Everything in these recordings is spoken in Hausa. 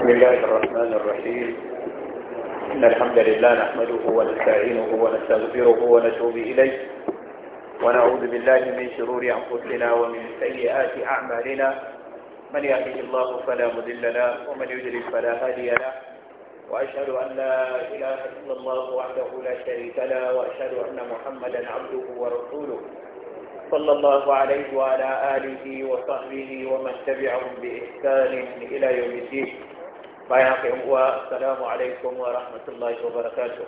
بسم الله الرحمن الرحيم إن الحمد لله نحمده ونستعينه ونستغفره ونتوب إليه ونعوذ بالله من شرور أنفسنا ومن سيئات أعمالنا من يهده الله فلا مضل له ومن يضلل فلا هادي له وأشهد أن لا إله إلا الله وحده لا شريك له وأشهد أن محمدا عبده ورسوله صلى الله عليه وعلى آله وصحبه ومن تبعهم بإحسان إلى يوم الدين bayan haka yan uwa assalamu alaikum wa rahmatullahi wa barakatuh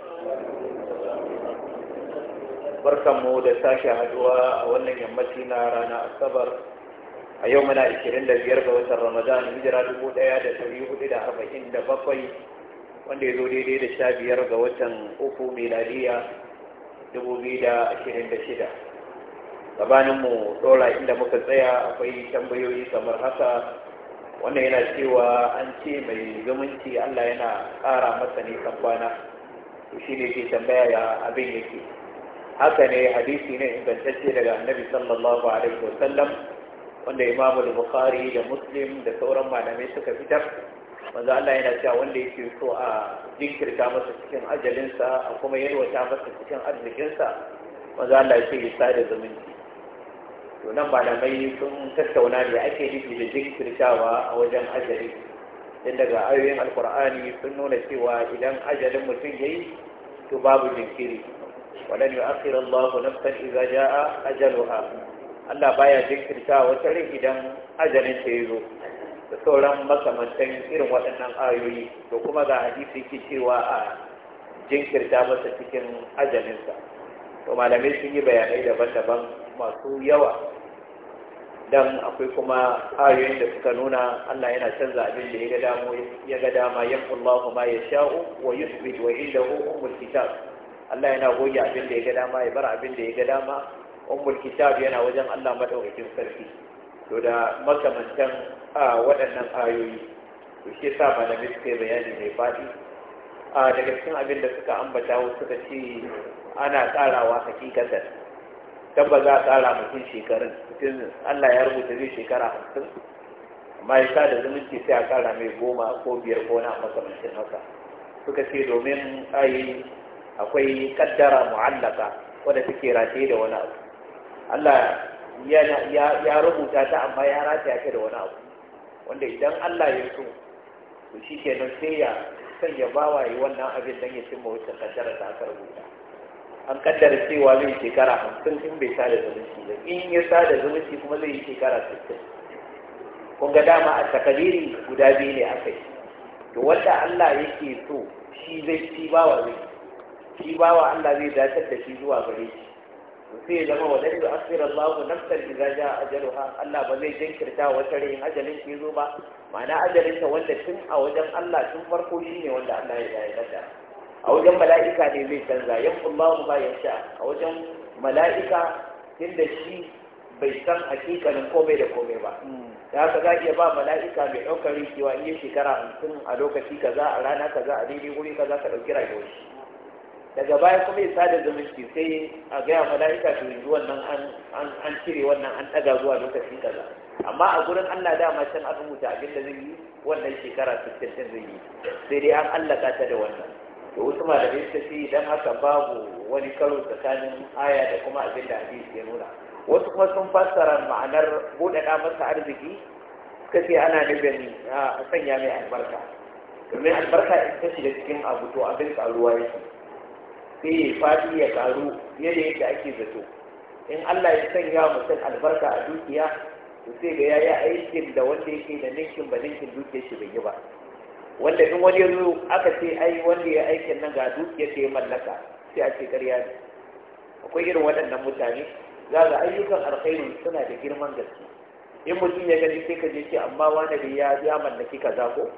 mu da sake haduwa a wannan yammaci na rana asabar a yau muna 25 ga watan ramadan hijira 1447 wanda ya zo daidai da sha biyar ga watan uku miladiya 2026 gabaninmu dola inda muka tsaya akwai tambayoyi kamar haka wannan yana cewa an ce mai zumunci Allah yana ƙara masa kan kwana shi ne ke tambaya ya abin yake haka ne hadisi ne ingantacce daga annabi sallallahu alaihi wasallam wanda imamu bukhari da muslim da sauran malamai suka fitar manzo Allah yana cewa wanda yake so a jinkirta masa cikin ajalinsa a kuma yalwata masa cikin arzikinsa manzo Allah ya ce ya sada zumunci to nan malamai sun tattauna ne ake nufi da jinkirtawa a wajen ajali don daga ayoyin alkur'ani sun nuna cewa idan ajalin mutum ya yi to babu jinkiri walan yu'akhir Allahu nafsan idza jaa ajaluha Allah baya jinkirta wata rai idan ajalin ta yi zo da sauran makamantan irin waɗannan ayoyi to kuma ga hadisi ke cewa a jinkirta masa cikin ajalinsa to malamai sun yi bayanai daban-daban masu yawa dan akwai kuma ayoyin da suka nuna Allah yana canza abin da ya ga ya ga dama ya Allahu ma yasha'u wa yuthbit wa ummul kitab Allah yana goge abin da ya ga dama ya bar abin da ya ga dama ummul kitab yana wajen Allah madaukakin sarki to da makamantan waɗannan ayoyi to shi yasa da suka yi bayani mai faɗi daga cikin abin da suka ambata suka ce ana tsarawa hakikatan tabba za a tsara mutum shekarun mutum Allah ya rubuta zai shekara hamsin amma ya sa da zumunci sai a tsara mai goma ko biyar ko na makamancin haka suka ce domin ayi akwai kaddara mu'allaka wadda take rataye da wani abu Allah ya rubuta ta amma ya rataya ta da wani abu wanda idan Allah ya so to shi kenan sai ya sanya bawaye wannan abin don ya cimma wacce kaddara da aka rubuta an kaddara cewa zai yi shekara hamsin in bai sada zumunci ba in ya sa da zumunci kuma zai yi shekara sittin kun ga dama a takaliri guda biyu ne a kai to wanda Allah yake so shi zai bawa zai bawa Allah zai dacar da shi zuwa gare shi sai ya zama wadan da asira Allah nafsar idza jaa ha Allah ba zai jinkirta wata rin ajalin ke zo ba ma'ana ajalin ta wanda tun a wajen Allah tun farko shine wanda Allah ya yarda a wajen mala'ika ne zai canza yanku Allahu ma yasha a wajen mala'ika da shi bai san hakikalin komai da komai ba da haka za iya ba mala'ika mai ɗaukar rikewa in yi shekara hamsin a lokaci kaza a rana kaza a daidai wuri kaza ka ɗauki rayuwar shi daga baya kuma ya sada zumunci sai a gaya mala'ika su yanzu wannan an cire wannan an ɗaga zuwa lokaci kaza amma a gurin Allah dama can an rubuta abin da zai yi wannan shekara 60 zai yi sai dai an allaka ta da wannan to wasu malamai suka ce idan haka babu wani karo tsakanin aya da kuma abin da hadisi ya nuna wasu kuma sun fassara ma'anar buɗaɗa masa arziki suka ce ana nufin a sanya mai albarka domin albarka in ta shiga cikin abu to abin karuwa yake sai ya faɗi ya karu fiye da yadda ake zato in Allah ya sanya wa mutum albarka a dukiya to sai ga yayi aikin da wanda yake da ninkin ba ninkin dukiyar shi bai yi ba wanda in wani yanzu aka ce ai wanda ya aikin nan ga duk yadda ya mallaka sai a ce ƙarya ne akwai irin waɗannan mutane za ga ayyukan alkhairu suna da girman gaske in mutum ya gani sai ka je ce amma wani da ya ya mallaki kaza ko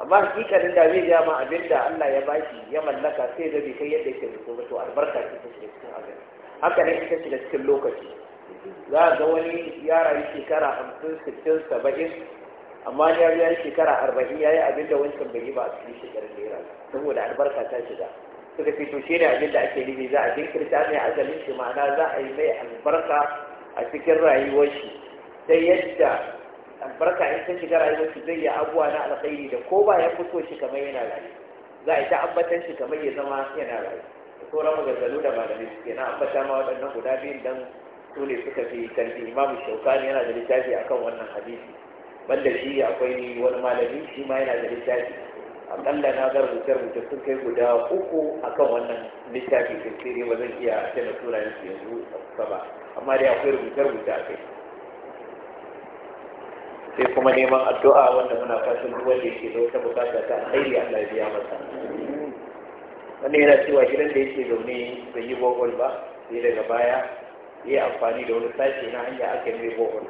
amma hakikalin da zai ja ma abin da Allah ya bashi ya mallaka sai da bai kai yadda yake da to albarka ce ta shiga cikin abin haka ne ita shiga cikin lokaci za ga wani yara yi shekara 50 60 70 amma ya biya shekara arba'in ya yi abin da wancan bai yi ba a cikin shekarun da saboda albarka ta shiga suka da to ne abin da ake nufi za a jinkirta mai azalin shi ma'ana za a yi mai albarka a cikin rayuwar shi sai yadda albarka in ta shiga rayuwar shi zai yi abuwa na alkhairi da ko ba ya fito shi kamar yana rayu za a yi ta ambatan shi kamar ya zama yana rayu da sauran maganganu da malamai suke na ambata ma waɗannan guda biyun dan su ne suka fi tarbi imamu shaukani yana da littafi akan wannan hadisi banda shi akwai wani malami shi ma yana da littafi akalla na ga rubuce-rubuce sun kai guda uku akan wannan littafi tsere ba zan iya tana tura yanzu yanzu ba amma dai akwai rubutar rubuce a kai sai kuma neman addu'a wanda muna fashin duk wanda yake da wata bukata ta alheri Allah ya biya masa wannan yana cewa gidan da yake zaune bai yi bogol ba sai daga baya ya amfani da wani sashi na hanya aka yi bogol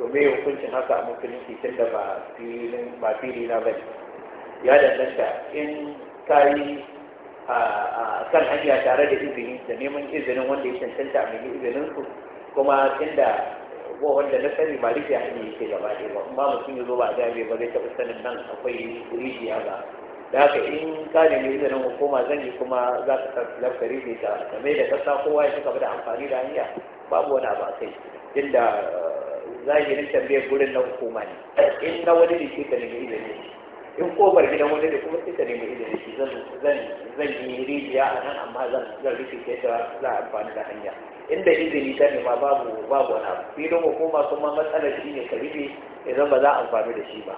to me hukuncin haka a musulunci tun da ba filin ba fili na bane ya danganta in ka yi a kan hanya tare da izini da neman izinin wanda ya cancanta a mai izinin su kuma inda ko wanda na sani ba rufe hanyar yake gaba ɗaya ba amma mutum ya zo ba a ba zai taɓa sanin nan akwai rijiya ba da haka in ka nemi izinin hukuma zan yi kuma za ka lafka rijiya ta game da kasa kowa ya ci gaba da amfani da hanya babu wani abu a kai inda zahirin tambayar gurin na hukuma ne in na wani da ke ta nemi izini in kofar gidan wani da kuma sai ta nemi izini shi zan yi rijiya a nan amma zan rufe ke da za a amfani da hanya inda izini ta nema babu babu wani abu filin hukuma kuma matsalar shi ne ka rufe idan ba za a amfani da shi ba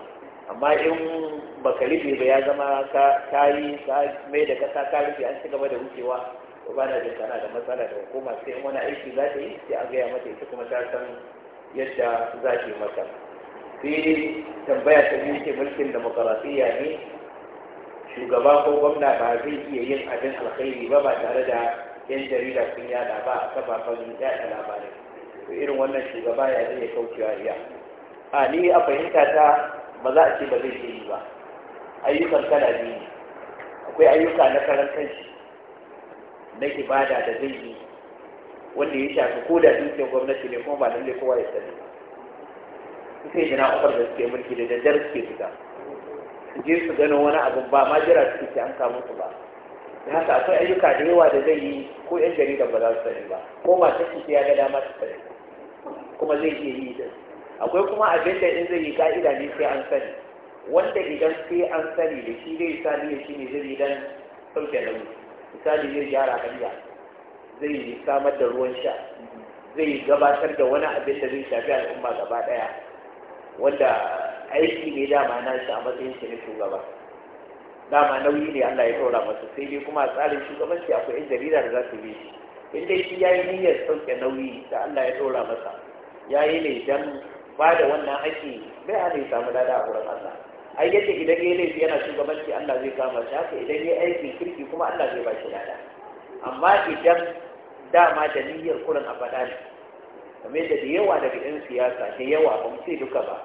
amma in ba ka ba ya zama ka yi ka mai da kasa ka rufe an ci gaba da wucewa ba na jin kana da matsala da hukuma sai wani aiki za ta yi sai a gaya mata ita kuma ta san yadda za ki mata sai tambaya ta biyu ce mulkin demokarasiya ne shugaba ko gwamna ba zai iya yin abin alkhairi ba ba tare da yan jarida sun yada ba a kafafen yada labarai to irin wannan shugaba ya zai kaucewa iya a ni a fahimta ta ba za a ce ba zai yi ba ayyukan kala biyu akwai ayyuka na karantar na ibada da zai yi wanda ya shafi ko da dukiyar gwamnati ne kuma ba lalle kowa ya sani sai jina ofar da suke mulki da daddare suke fita su je su gano wani abin ba ma jira suke ce an kama su ba da haka akwai ayyuka da yawa da zai yi ko yan jarida ba za su sani ba ko ma ta ya ga dama su sani kuma zai iya yi da akwai kuma abin da in zai yi ka'ida ne sai an sani wanda idan sai an sani da shi zai sa niyya shi ne zai yi dan sauke mu misali zai gyara hanya zai samar da ruwan sha zai gabatar da wani abin da zai shafi al'umma gaba ɗaya wanda aiki ne dama na shi a matsayin shi na shugaba dama nauyi ne Allah ya taura masa sai dai kuma a tsarin shugabanci akwai yan jarida da za su bi shi in dai shi yi niyyar sauke nauyi da Allah ya taura masa Ya yi ne dan ba da wannan aiki, bai hana ya samu lada a wurin Allah ai yadda idan yi laifi yana shugabanci Allah zai kama shi haka idan yi aiki kirki kuma Allah zai ba shi lada amma idan dama da niyyar kurin a faɗa shi kame da da yawa daga 'yan siyasa da yawa ba mu duka ba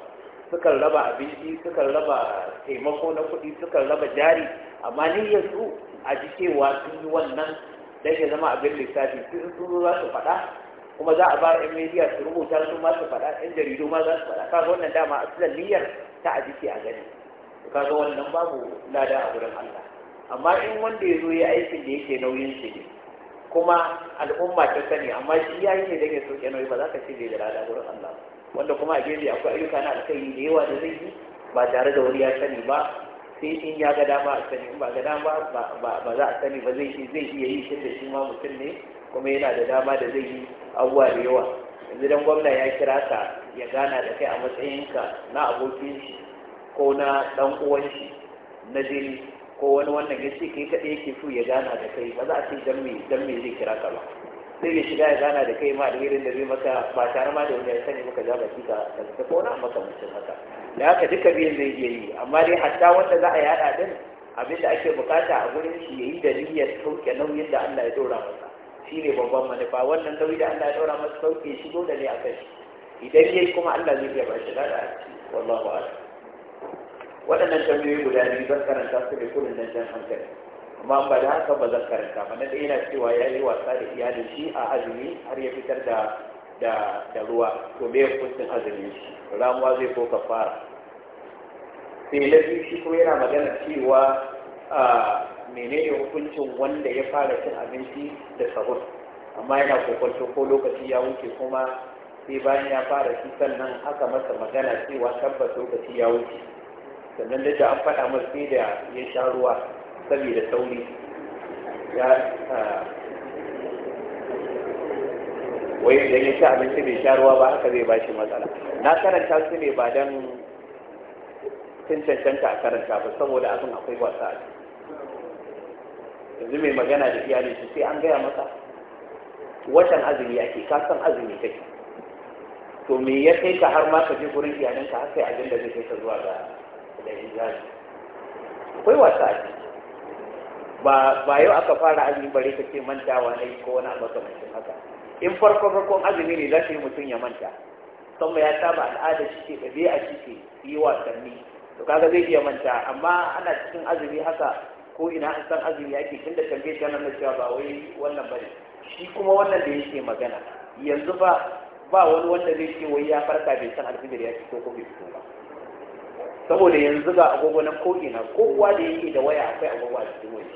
sukan raba abinci sukan raba taimako na kuɗi sukan raba jari amma niyyar su a ji cewa sun yi wannan dan ya zama abin lissafi sun sun za su faɗa kuma za a ba 'yan media su rubuta su ma su faɗa 'yan jaridu ma za su faɗa kaga wannan dama asalin niyyar ta a jiki a gani kaga wannan babu lada a wurin Allah amma in wanda ya zo ya aikin da yake nauyin shi ne kuma al'umma ta sani amma shi ya yi ne da ya soke nauyi ba za ka ce bai da lada wurin Allah wanda kuma a gefe akwai ayyuka na alkhairi da yawa da zai yi ba tare da wani ya sani ba sai in ya ga dama a sani in ba ga dama ba za a sani ba zai zai iya yi shi da shi ma mutum ne kuma yana da dama da zai yi abuwa da yawa yanzu dan gwamna ya kira ka ya gana da kai a matsayinka na abokin shi ko na dan uwan shi na jini ko wani wannan ya ce kai kaɗai yake so ya gana da kai ba za a ce dan me zai kira ka ba zai ya shiga ya gana da kai ma da irin da zai maka ba tare ma da wani ya sani maka zaba ki ka ta ko na maka mutum haka da haka duka biyan zai iya yi amma dai hatta wanda za a yada din abin da ake bukata a gurin shi yi da niyyar sauke nauyin da Allah ya dora masa shine babban manufa wannan nauyi da Allah ya dora masa sauke shigo da ne a kai idan yayi kuma Allah zai iya ba shi da wallahu a'lam waɗannan tambayoyi guda biyu zan karanta su da kullun nan jan hankali amma ba da haka ba zan karanta ba na ɗaya yana cewa ya yi wasa da iyalin shi a azumi har ya fitar da da da ruwa to me hukuncin azumi shi ramuwa zai ko ka fara. sai na biyu shi kuma yana magana cewa a menene hukuncin wanda ya fara cin abinci da sahur amma yana kokwanto ko lokaci ya wuce kuma sai bayan ya fara shi sannan aka masa magana cewa tabbas lokaci ya wuce sannan da an faɗa masu sai da ya sha ruwa saboda sauri ya wai da ya sha abinci mai sha ruwa ba haka zai bashi matsala na karanta su ne ba don sun cancanta a karanta ba saboda abin akwai wasa a yanzu mai magana da iyalin su sai an gaya masa watan azumi ake kasan azumi kai to me ya kai ka har ma ka je gurin iyalinka har sai abin da zai kai ka zuwa ga da hijabi akwai wasa a ciki ba ba yau aka fara azumi bare ka ce manta na yi ko wani abu makamancin haka in farko farkon azumi ne za ka yi mutum ya manta sama ya saba al'ada shi ke da a ciki yi wasanni to kaga zai iya manta amma ana cikin azumi haka ko ina an san azumi ake da tambaye ta nan cewa ba wai wannan bane shi kuma wannan da yake magana yanzu ba ba wani wanda zai ce wai ya farka bai san alfijir ya fito ko bai fito ba saboda yanzu ga agogo na ko'ina kowa da yake da waya akwai agogo a cikin wani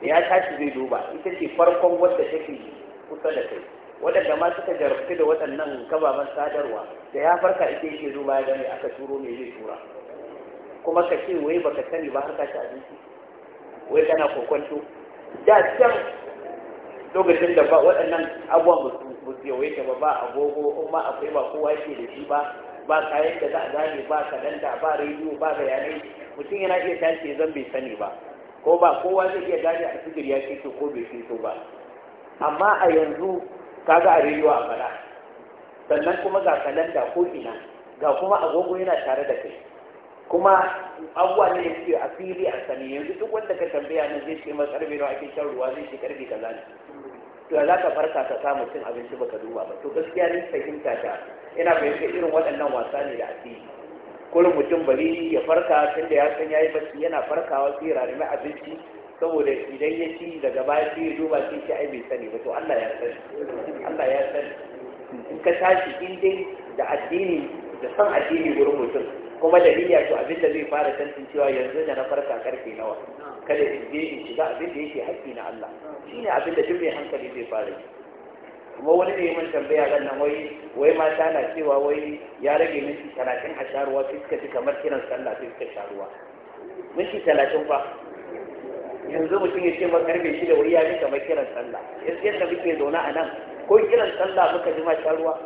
da ya tashi zai duba ita ce farkon wadda take kusa da kai waɗanda ma suka jarfi da waɗannan kababan sadarwa da ya farka ita yake duba ya gani aka turo mai zai tura kuma ka ce wai baka sani ba har ka ci abinci wai kana kokonto da can lokacin da ba waɗannan abubuwan musu yawaita ba ba agogo in ma akwai ba kowa ke da shi ba ba kayan da za a gane ba kalanda ba rediyo ba bayanai mutum yana iya tashi zan bai sani ba ko ba kowa zai iya gane a sigir ya ce ko bai so ba amma a yanzu kaga a rediyo a fara sannan kuma ga kalanda ko ina ga kuma agogo yana tare da kai kuma abuwa ne yake a fili a sani yanzu duk wanda ka tambaya nan zai ce ma karfe ake shan ruwa zai ce karfe kaza ne to za ka farka ka samu cin abinci baka duba ba to gaskiya ne fahimta ta ina fahimta irin waɗannan wasa ne da addini kuma mutum bari ya farka tun da ya san yayi bacci yana farkawa sai ya rarrami abinci saboda idan ya ci daga baya sai ya duba sai shi ai bai sani ba to Allah ya san Allah ya san in ka tashi in dai da addini da san addini gurin mutum kuma da niyya to abin da zai fara tantancewa yanzu da na farka karfe nawa kada in je in shiga abin da yake haƙƙi na Allah ne abin da duk mai hankali zai fara yi kuma wani ne mun tambaya ran nan wai wai mata na cewa wai ya rage minti talatin a sharuwa sai suka ji kamar kiran sallah sai suka sharuwa minti talatin fa yanzu mutum ya ce ma karfe shida wai ya ji kamar kiran sallah yadda muke zaune a nan ko kiran sallah muka ji ma sharuwa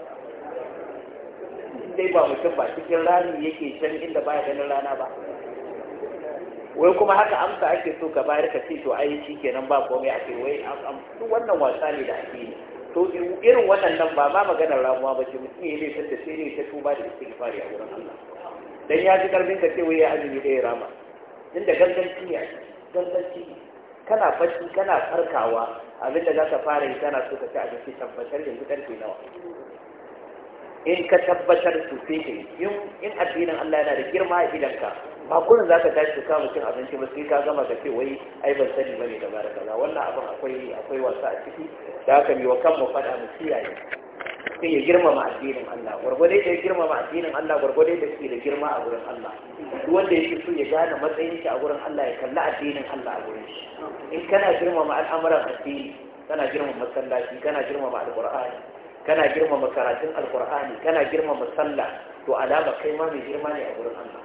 sai ba mutum ba cikin rami yake can inda baya ganin rana ba wai kuma haka amsa ake so ka bayar ka ce to ai shi kenan ba komai ake wai duk wannan wasa ne da ake yi to irin waɗannan ba ma maganar ramuwa ba ce mutum ya laifin da sai ne ta tuba da istighfari a wurin Allah dan ya ji karfin ka ce wai ya azumi da ya rama inda ganganci ne ganganci ne kana fashi kana farkawa abinda za ka fara yi kana so ka ci abinci tabbatar yanzu karfe nawa in ka tabbatar to ka in addinin Allah yana da girma a gidanka. ba kullum zaka tashi ka mutum abinci ba sai ka gama ka ce wai ai ban sani bane da bara kaza wannan abin akwai akwai wasa a ciki da haka mi wa kanmu fada mu kiyaye sai ya girmama addinin Allah gurgurde da ya girmama addinin Allah gurgurde da ke da girma a gurin Allah duk wanda yake so ya gane matsayin shi a gurin Allah ya kalli addinin Allah a gurin shi in kana girmama al'amuran addini kana girmama masallaci kana girmama alqur'ani kana girmama karatun alkur'ani kana girmama sallah to alama kai ma mai girma ne a gurin Allah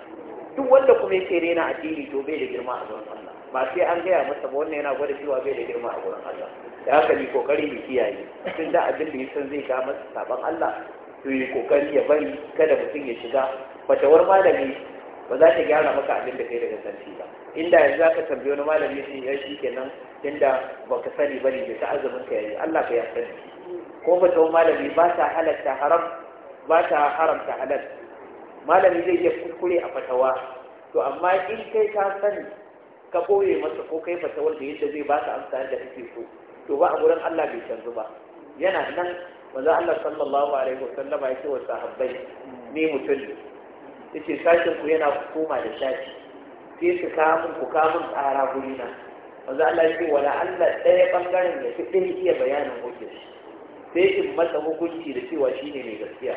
duk wanda kuma yake rena addini to bai da girma a gurin Allah ba sai an gaya masa ba wannan yana gwada cewa bai da girma a gurin Allah da haka ni kokari mu kiyaye tun da abin da yasan zai ga masa saban Allah to yi kokari ya bari kada mutum ya shiga bata war malami ba za ta gyara maka abin da kai daga santi ba inda yanzu za ka tambayi wani malami sai ya shi kenan inda ba ka sani bane da ta azumin ka yayi Allah ka yarda da ko fatawar malami ba ta halatta haram ba ta haramta halal malami zai iya kuskure a fatawa to amma in kai ka sani ka ɓoye masa ko kai fatawar da yadda zai ba ka amsa da kake so to ba a wurin Allah bai canzu ba yana nan manzo Allah sallallahu alaihi wasallama yake wa sahabbai ni mutum ne yace sashin ku yana koma da shafi. sai su kamun ku kamun tsara gurina manzo Allah yake wala Allah ɗaya bangaren ya fi ɗin iya bayanin hukunci sai in masa hukunci da cewa shine mai gaskiya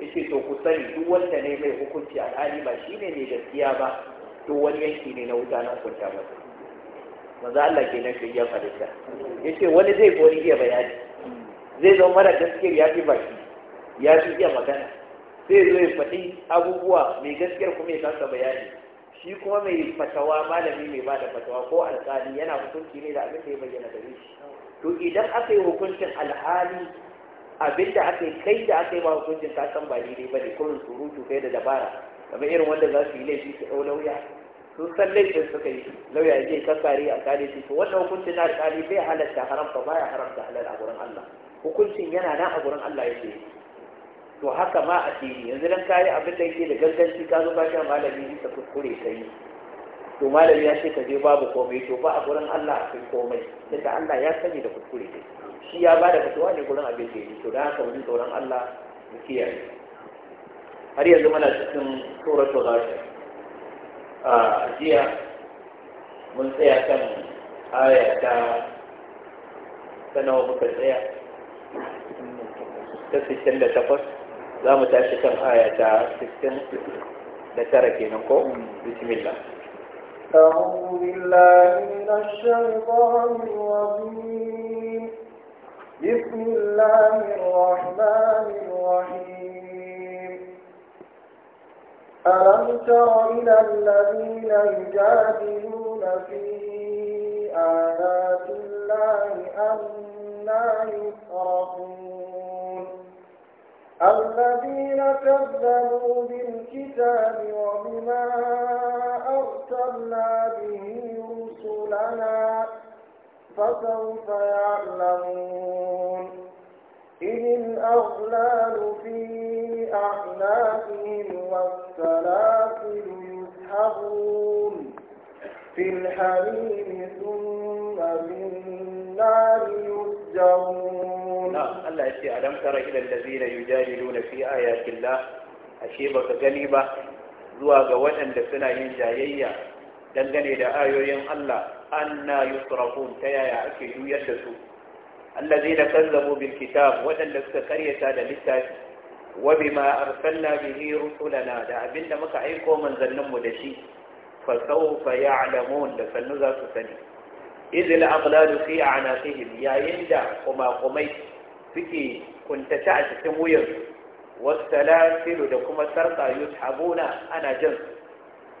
Ya ce to ku sani duk wanda ne mai hukunci alhali ba shine mai gaskiya ba to wani yanki ne na wuta na hukunta masa Maza Allah ke nan ya ce wani zai kori iya bayani zai zama mara gaskiyar ya fi baki ya fi iya magana sai zo ya faɗi abubuwa mai gaskiyar kuma ya kasa bayani shi kuma mai fatawa malami mai bada fatawa ko alƙali yana hukunci ne da abin da ya bayyana gare shi to idan aka yi hukuncin alhali abin da aka kai da aka yi ba hukuncin ka san ba daidai ba ne kurin surutu kai da dabara kamar irin wanda za su yi laifi su ɗau lauya sun san laifin suka yi lauya zai a kare su to wannan hukuncin na alƙali bai halatta haramta baya haramta halal a gurin Allah hukuncin yana nan a gurin Allah yake to haka ma a fili yanzu dan kayi abin da yake da ganganci ka zo a malami ka kuskure kai to malami ya ce ka je babu komai to ba a gurin Allah akwai komai ka Allah ya sani da kuskure kai shi ya ba da fatawa ne gurin abin da yake to dan haka wani tsoron Allah mu kiyaye har yanzu muna cikin suratul ghashiyah a jiya mun tsaya kan aya ta sanawa muka tsaya ta 68 za mu tashi kan aya ta 60 da tara أعوذ بالله من الشيطان الرجيم بسم الله الرحمن الرحيم ألم تر إلى الذين يجادلون في آيات الله أنا يصرفون الذين كذبوا بالكتاب وبما أرسلنا به رسلنا فسوف يعلمون إذ الأغلال في أعناقهم والسلاسل يسحبون في الحليم ثم في النار يسجرون Allah ya ce alam tara ila allazina yujadiluna fi ya Allah ashe baka gani ba zuwa ga waɗanda suna yin jayayya dangane da ayoyin Allah yi yusrafun ta yaya ake juyar da su Allah zai kazzabu bil kitab waɗanda suka karyata da littafi wa bima arsalna bihi rusulana da abinda muka aiko mu da shi fa sawfa ya'lamun da sannu za su sani izil aghlalu fi a'naqihim yayin da kuma kumai suke kuntace a cikin wuyan wasu da kuma sarka yushabuna ana jan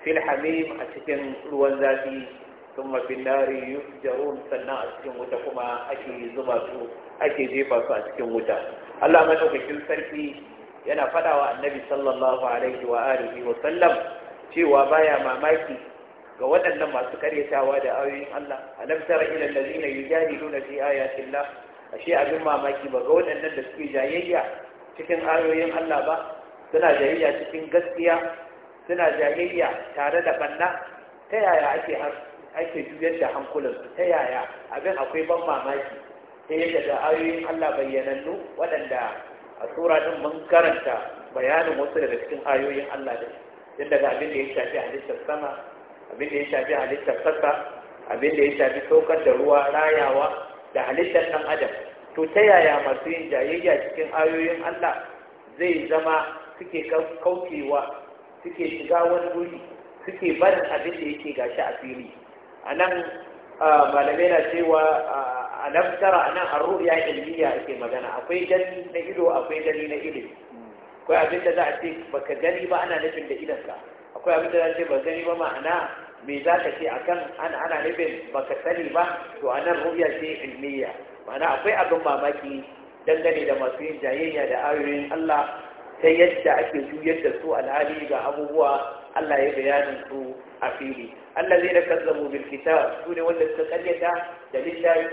fil hamim a cikin ruwan zafi sun mafin nari sannan a cikin wuta kuma ake zuba su ake jefa su a cikin wuta Allah madaukakin sarki yana faɗawa annabi sallallahu alaihi wa alihi wa sallam cewa baya mamaki ga waɗannan masu karyatawa da ayoyin Allah alam tara ila allazina yujadiluna fi ayati Allah ashe abin mamaki ba ga waɗannan da suke jayayya cikin ayoyin Allah ba suna jayayya cikin gaskiya suna jayayya tare da banna ta yaya ake ake juyar da hankulansu ta yaya abin akwai ban mamaki ta yadda da ayoyin Allah bayyanannu waɗanda a tsura ɗin mun karanta bayanin wasu daga cikin ayoyin Allah da shi? daga abin da ya shafi halittar sama abin da ya shafi halittar sassa abin da ya shafi saukar da ruwa rayawa da halittar ɗan adam to ta yaya masu yin jayayya cikin ayoyin Allah zai zama suke kaukewa suke shiga wani wuri suke barin abin da yake gashi a fili a nan malamai na cewa a nan tara a nan ya ilmiya ake magana akwai gani na ido akwai gani na ilimi akwai abin da za a ce baka gani ba ana nufin da idanka akwai abin da za a ce ba gani ba ma'ana me za ka ce akan ana nufin baka sani ba to a nan ruya ce ilmiya mana akwai abin mamaki dangane da masu yin jayayya da ayoyin Allah ta yadda ake juyar da su alhali ga abubuwa Allah ya bayanin su a fili Allah zai da kazzabu bil su ne wanda suka karyata da littafi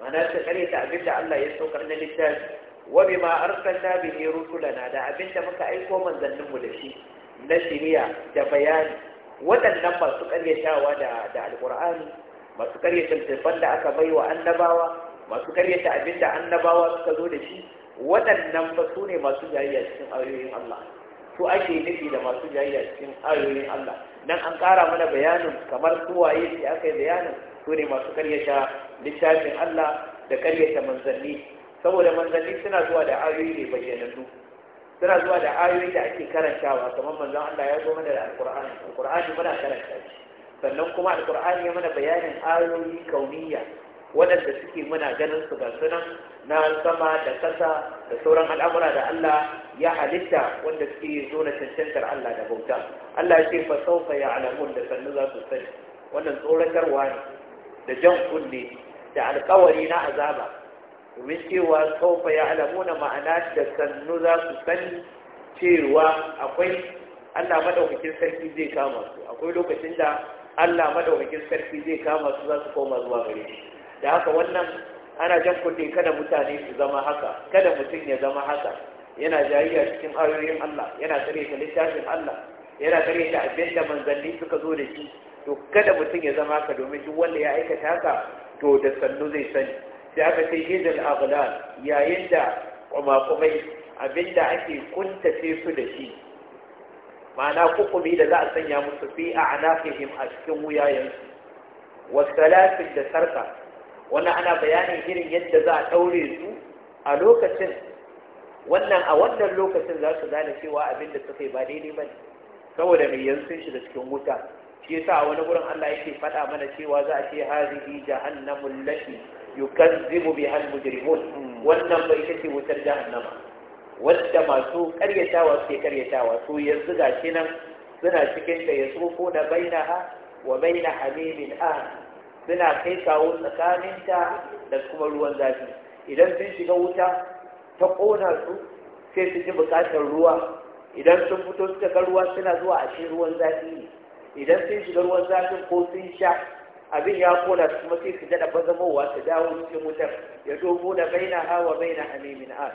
mana suka karyata abin da Allah ya saukar na littafi wa bima arsalna bihi rusulana da abin da muka aiko manzanninmu da shi na shiriya da bayani waɗannan masu karyatawa da da masu karyata littafan da aka bai wa annabawa masu karyata abin da annabawa suka zo da shi waɗannan ba su ne masu jayayya cikin ayoyin Allah su ake nufi da masu jayayya cikin ayoyin Allah nan an ƙara mana bayanin kamar waye da aka yi bayanin su ne masu karyata littafin Allah da karyata manzanni saboda manzanni suna zuwa da ayoyi ne bayyanannu suna zuwa da ayoyi da ake karantawa kamar manzon Allah ya zo mana da alƙur'ani alƙur'ani muna karanta shi sannan kuma alƙur'ani ya mana bayanin ayoyi kauniyya. waɗanda suke muna ganin su ga sunan na sama da kasa da sauran al'amura da Allah ya halitta wanda suke zo na cancantar Allah da bauta Allah ce fa saufa ya alamun da sannu za su sani wannan tsoratarwa ne da jan kunne da alkawari na azaba domin cewa saufa ya alamuna ma'ana da sannu za su sani cewa akwai Allah maɗaukakin sarki zai kama su akwai lokacin da Allah maɗaukakin sarki zai kama su za su koma zuwa gare shi da haka wannan ana jan kuɗi kada mutane su zama haka kada mutum ya zama haka yana jayayya cikin ayoyin Allah yana tare da littafin Allah yana tare da abin da manzanni suka zo da shi to kada mutum ya zama haka domin duk wanda ya aikata haka to da sannu zai sani sai aka ce hijal aghlal yayin da kuma abin da ake kuntace su da shi ma'ana kukumi da za a sanya musu fi a anafihim a cikin wuyayensu wasu da sarka wannan ana bayanin irin yadda za a ɗaure su a lokacin wannan a wannan lokacin za su gane cewa abin da suka yi ba daidai ba saboda mai yansun shi da cikin wuta shi yasa wani gurin Allah yake faɗa mana cewa za a ce hazihi jahannamul lati yukazzibu biha al-mujrimun wannan bai ita ce wutar jahannama wadda masu karyatawa suke karyatawa su yanzu shi nan suna cikin da ya tsoko na bainaha wa baina hamimin ahad suna kai kawo tsakaninta da kuma ruwan zafi idan sun shiga wuta ta ƙona su sai su ji buƙatar ruwa idan sun fito suka ga ruwa suna zuwa a shi ruwan zafi ne idan sun shiga ruwan zafi ko sun sha abin ya kona su kuma sai su daɗa bazamowa su dawo cikin wutar ya dogo da baina hawa baina hamimin ar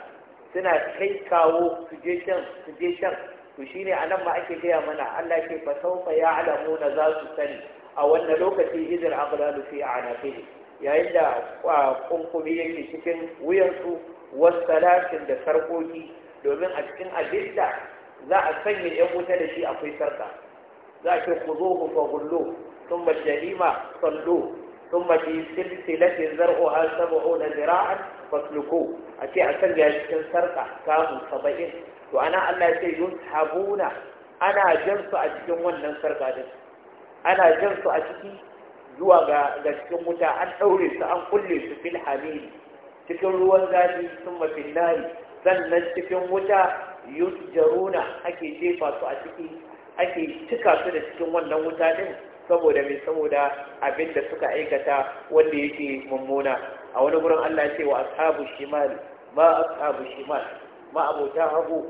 suna kai kawo su je can su je can to shine anan ma ake gaya mana Allah ke fa saufa ya na za su sani a wanne lokaci izin aqlalu fi anaqihi yayin da kunkumi yake cikin wuyansu wasalatin da sarkoki domin a cikin abinda za a sanya ɗan wuta da shi akwai sarka za a ce ku zo ku fa gullo sun ba jalima sallo sun ba ji zar'o har saba na zira'an fasluko a ce a sanya cikin sarka kamun saba'in to ana allah ya ce yun habuna ana jan a cikin wannan sarka da ana jan su a ciki zuwa ga cikin wuta an daure su an kulle su fil hamil cikin ruwan zafi sun mafin nari sannan cikin wuta yusjaruna ake jefa su a ciki ake cika su da cikin wannan wuta din saboda mai saboda abin da suka aikata wanda yake mummuna a wani gurin Allah ce wa ashabu shimal ma ashabu shimal ma abota hagu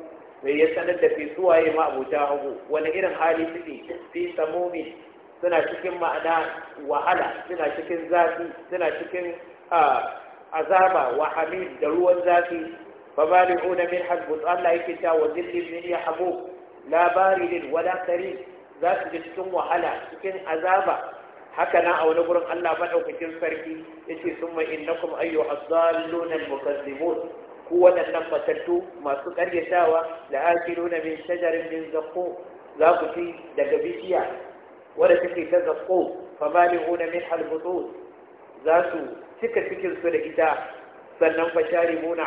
sai ya sanar da fi suwaye ma abota hagu wani irin hali suke fi samumi suna cikin ma'ana wahala suna cikin azaba wa hamid da ruwan zafi fa bari una min hazbu Allah yake ta wa dilli min yahbu la bari za su ji cikin wahala cikin azaba haka na a wani gurin Allah madaukakin sarki yace summa innakum ayu azallun al mukazzibun ku wadannan matattu masu karyatawa da akiluna min shajarin min zaqu za ku ci daga bishiya wadda take ta zasko fa malikuna min halbutun za su cika cikin su da ita sannan fa sharibuna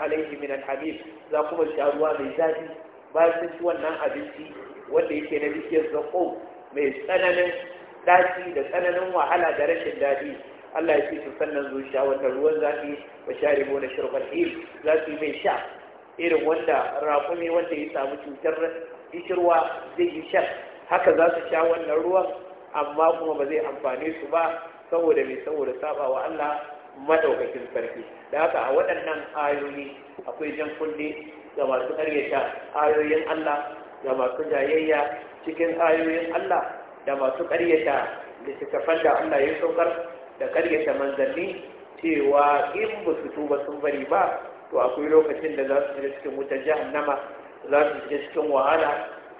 alaihi min alhamim za kuma sha ruwa mai zafi bayan sun ci wannan abinci wanda yake na bishiyar zaƙo mai tsananin ɗaci da tsananin wahala da rashin daɗi Allah ya ce su sannan zo sha ruwan zafi ba share na shirbar hil za su yi mai sha irin wanda raƙumi wanda ya samu cutar ishirwa zai yi shan haka za su sha wannan ruwan amma kuma ba zai amfani su ba saboda mai saboda saba wa Allah madaukakin sarki da haka a waɗannan ayoyi akwai jan kunne ga masu ƙaryata ayoyin Allah ga masu jayayya cikin ayoyin Allah da masu ƙaryata littattafan da Allah ya saukar da ƙaryata manzanni cewa in ba su tuba sun bari ba to akwai lokacin da za su shiga cikin wutar jahannama za su shiga cikin wahala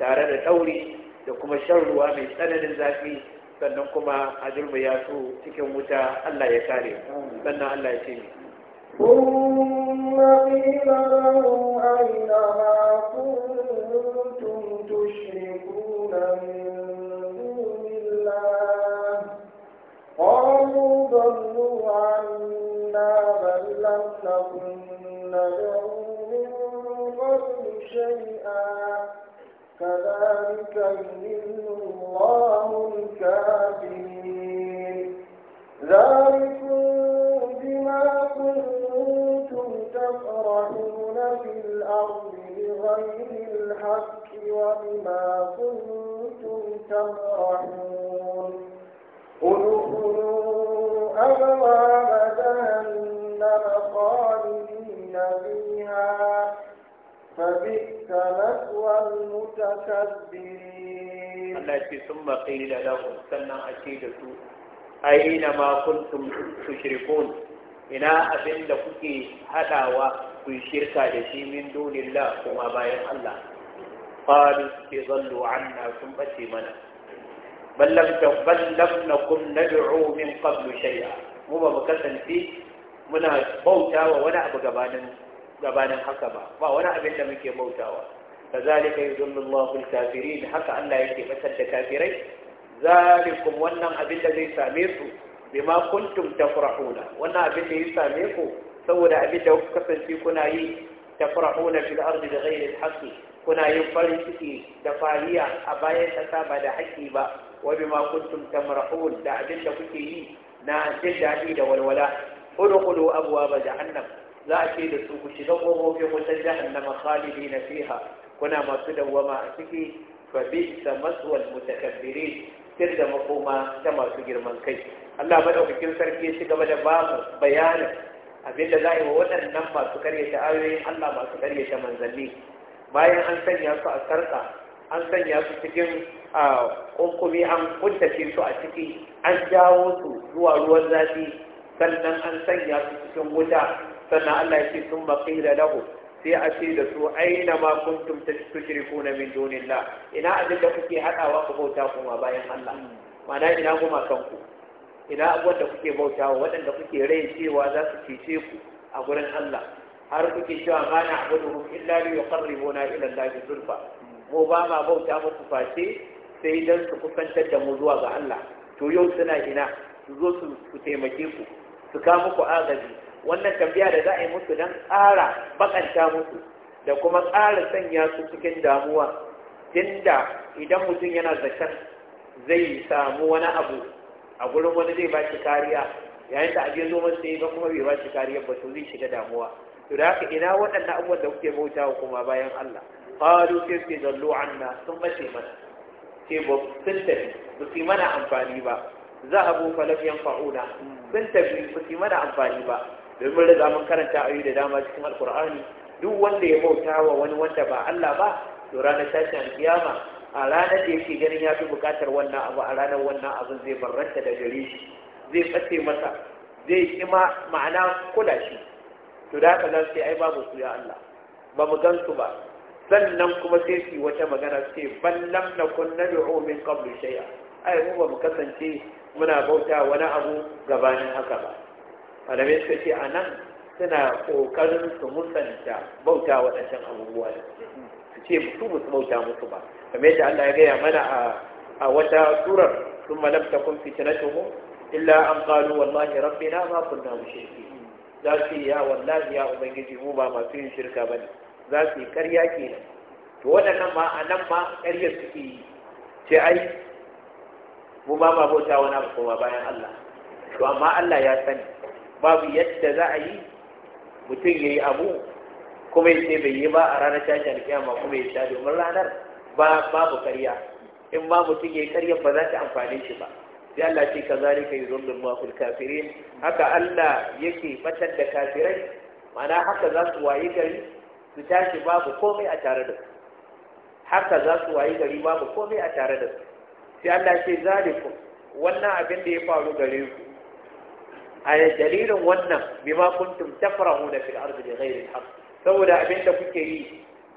tare da ɗauri da kuma shan ruwa mai tsananin zafi sannan kuma a jirma ya so cikin wuta Allah ya kare sannan Allah ya ce ne ثم قيل لهم أين ما كنتم تشركون من دون الله لم نكن ندعو من قبل شيئا كذلك يذل الله الكافرين ذلكم بما كنتم تفرحون في الأرض بغير الحق وبما كنتم تفرحون ادخلوا أبواب جهنم خالدين فيها فبئس بئس مثوى المتكبرين الله يقول ثم قيل لهم سنة أشيدة أينما كنتم تشركون ina abin da kuke haɗawa ku yi shirka da shi min la? kuma bayan Allah qalu ke zallu anna sun bace mana ballam ballam na nad'u min qablu shay'a mu ba mu kasance muna bautawa wani abu gabanin gabanin haka ba ba wani abin da muke bautawa kazalika yudhillu Allahu al-kafirin haka Allah yake batar da kafirai zalikum wannan abin da zai same su bima kuntum tafrahuna wannan abin da ya same ku saboda abin da kuka kasance kuna yi ta tafrahuna fil ardi da al-haqqi kuna yin farin ciki da fariya a bayan kasa ba da haƙƙi ba wa bima kuntum tamrahun da abin da kuke yi na jin daɗi da walwala udkhulu abwaaba jahannam za a ce da su ku shiga ƙofofin wutar jahannama na fiha kuna masu dawwama a ciki fa bisa maswal mutakabbirin sir da makoma ta masu girman kai Allah madaukakin sarki ya ci gaba da babu bayanin abinda za a yi wa waɗannan masu karyata ayoyin Allah masu karyata manzanni bayan an sanya su a sarƙa an sanya su cikin ƙunƙumi an kuntace su a ciki an jawo su zuwa ruwan zafi sannan an sanya su cikin wuta sannan Allah ya ce sun maƙila lahu sai a ce da su aina ma kuntum tushrikuna min dunillah ina abin da kuke haɗawa ku bauta kuma bayan Allah mana ina goma kanku ina abubuwan da kuke bautawa waɗanda kuke rai cewa za su cece ku a gurin Allah har kuke cewa ma na abuduhu illa li yuqarribuna ila Allah zulfa mu ba ma bauta muku face sai dan su kusantar da mu zuwa ga Allah to yau suna ina su zo su taimake ku su kawo muku agaji wannan tambaya da za a yi musu don ƙara bakanta musu da kuma ƙara sanya su cikin damuwa inda idan mutum yana zakar zai samu wani abu a gurin wani zai ba shi kariya yayin da abin zo masa yi ba kuma bai ba shi kariya ba to zai shiga damuwa to da haka ina waɗannan abubuwan da kuke bauta wa kuma bayan Allah qalu sai suke zallo anna sun mace mana ce ba sun tafi ba su mana amfani ba za a bu falam yanfa'una sun tafi ba su mana amfani ba domin mun riga mun karanta ayoyi da dama cikin alkur'ani duk wanda ya bauta wa wani wanda ba Allah ba to ranar tashin a ranar da yake ganin ya fi bukatar wannan abu a ranar wannan abin zai barranta da gare shi zai fate masa zai kima ma'ana kula shi to da haka zan su ai babu su ya Allah ba mu gan su ba sannan kuma sai su wata magana su ce ballam na kun na du'u min qablu shay'a ai mu ba mu kasance muna bauta wani abu gabanin haka ba malamai suka ce a nan suna ƙoƙarin su musanta bauta waɗancan abubuwa su ce su musu bauta musu ba kamar yadda Allah ya gaya mana a wata surar sun malam ta kun tuhu illa an ƙalu wallahi rabbina ma kunna mushriki za su ya wallahi ya ubangiji mu ba masu yin shirka ba ne za su yi ƙarya kenan to waɗannan ma a nan ma ƙaryar suke yi ce ai mu ba ma bauta wani abu kuma bayan Allah to amma Allah ya sani babu yadda za a yi mutum ya yi abu kuma ya ce bai yi ba a ranar tashi alkiyama kuma ya sha domin ranar ba babu karya in ba mutum ya yi karya ba za ta amfani shi ba sai Allah ce ka ka yi yuzullu mafil kafirin haka Allah yake batar da kafirai mana haka za su wayi gari su tashi babu komai a tare da su haka za su wayi gari babu komai a tare da su sai Allah ce zalikum wannan abin da ya faru gare ku ay dalilin wannan bima kuntum tafrahuna fil ardi bighayri al-haqq saboda abinda kuke yi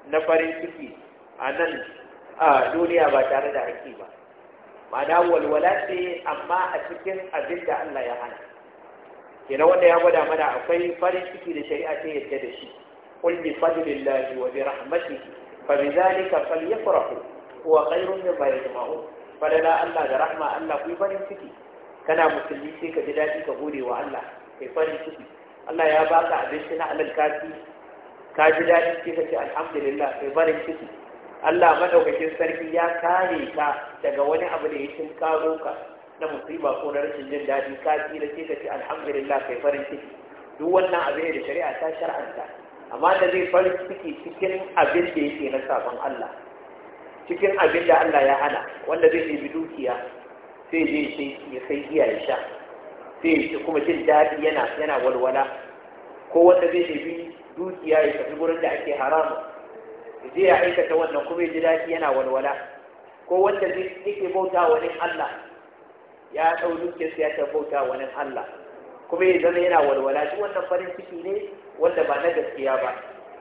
na farin ciki a nan a duniya ba tare da haƙƙi ba ma'ana walwala ce amma a cikin abinda Allah ya hana kenan wanda ya gwada mana akwai farin ciki da shari'a ta yadda da shi qul bi fadlillahi wa bi rahmatihi fa bi dhalika falyafrahu huwa khayrun mimma yajma'un falala Allah da rahma Allah ku farin ciki kana musulmi sai ka ji daɗi ka gode wa Allah kai farin ciki Allah ya baka abinci na alal kafi ka ji daɗi sai ka ce alhamdulillah kai farin ciki Allah madaukakin sarki ya kare ka daga wani abu da ya cin karo ka na musiba ko na rashin jin daɗi ka tsira sai ka ce alhamdulillah kai farin ciki duk wannan abu ne da shari'a ta shar'anta amma da zai farin ciki cikin abin da yake na sabon Allah cikin abin da Allah ya hana wanda zai bi dukiya sai je shi ya sai giya ya sha sai ya kuma jin daɗi yana yana walwala ko wanda zai ɗabi dukiya ya tafi gurin da ake haramu zai ya aikata wannan kuma ya ji daɗi yana walwala ko wanda zai yake bauta wani Allah ya ɗau sai ya tafi bauta wani Allah kuma ya zama yana walwala shi wannan farin ciki ne wanda ba na gaskiya ba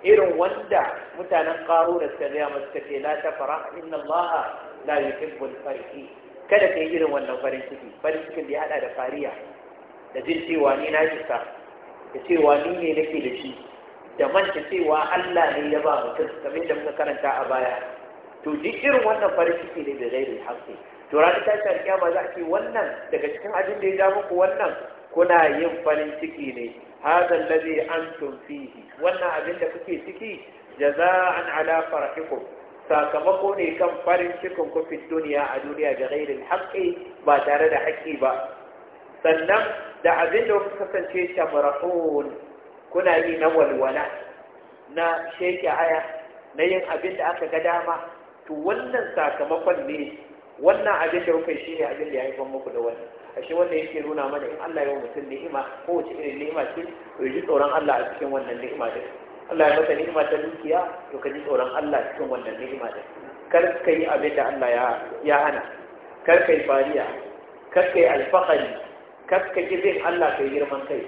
irin wanda mutanen ƙaro da suka gaya masu tafiya na tafara inna Allah la yuhibbul farihi kada ka yi irin wannan farin ciki farin cikin da ya hada da fariya da jin cewa ni na isa da cewa ni ne nake da shi da manta cewa Allah ne ya ba mutum kamar da muka karanta a baya to duk irin wannan farin ciki ne da zairi haƙƙi to ranar tashar kiyama za a ce wannan daga cikin abin da ya ja muku wannan kuna yin farin ciki ne hadha allazi antum fihi wannan abin da kuke ciki jaza'an ala farahikum sakamako ne kan farin cikin kufin duniya a duniya da gairin haƙƙi ba tare da haƙƙi ba sannan da abin da kasance shamarahun kuna yi na walwala na sheke haya na yin abin da aka ga dama to wannan sakamakon ne wannan abin da shi ne abin da ya haifar muku da wannan ashe wannan yake nuna mana in Allah ya wa mutum ni'ima kowace irin ni'ima ce to ji tsoron Allah a cikin wannan ni'ima Allah ya masa ni'ima ta dukiya to ka ji tsoron Allah cikin wannan ni'ima da kar ka yi abin da Allah ya ya hana kar ka yi fariya kar ka yi alfahari kar ka ji bin Allah ka yi girman kai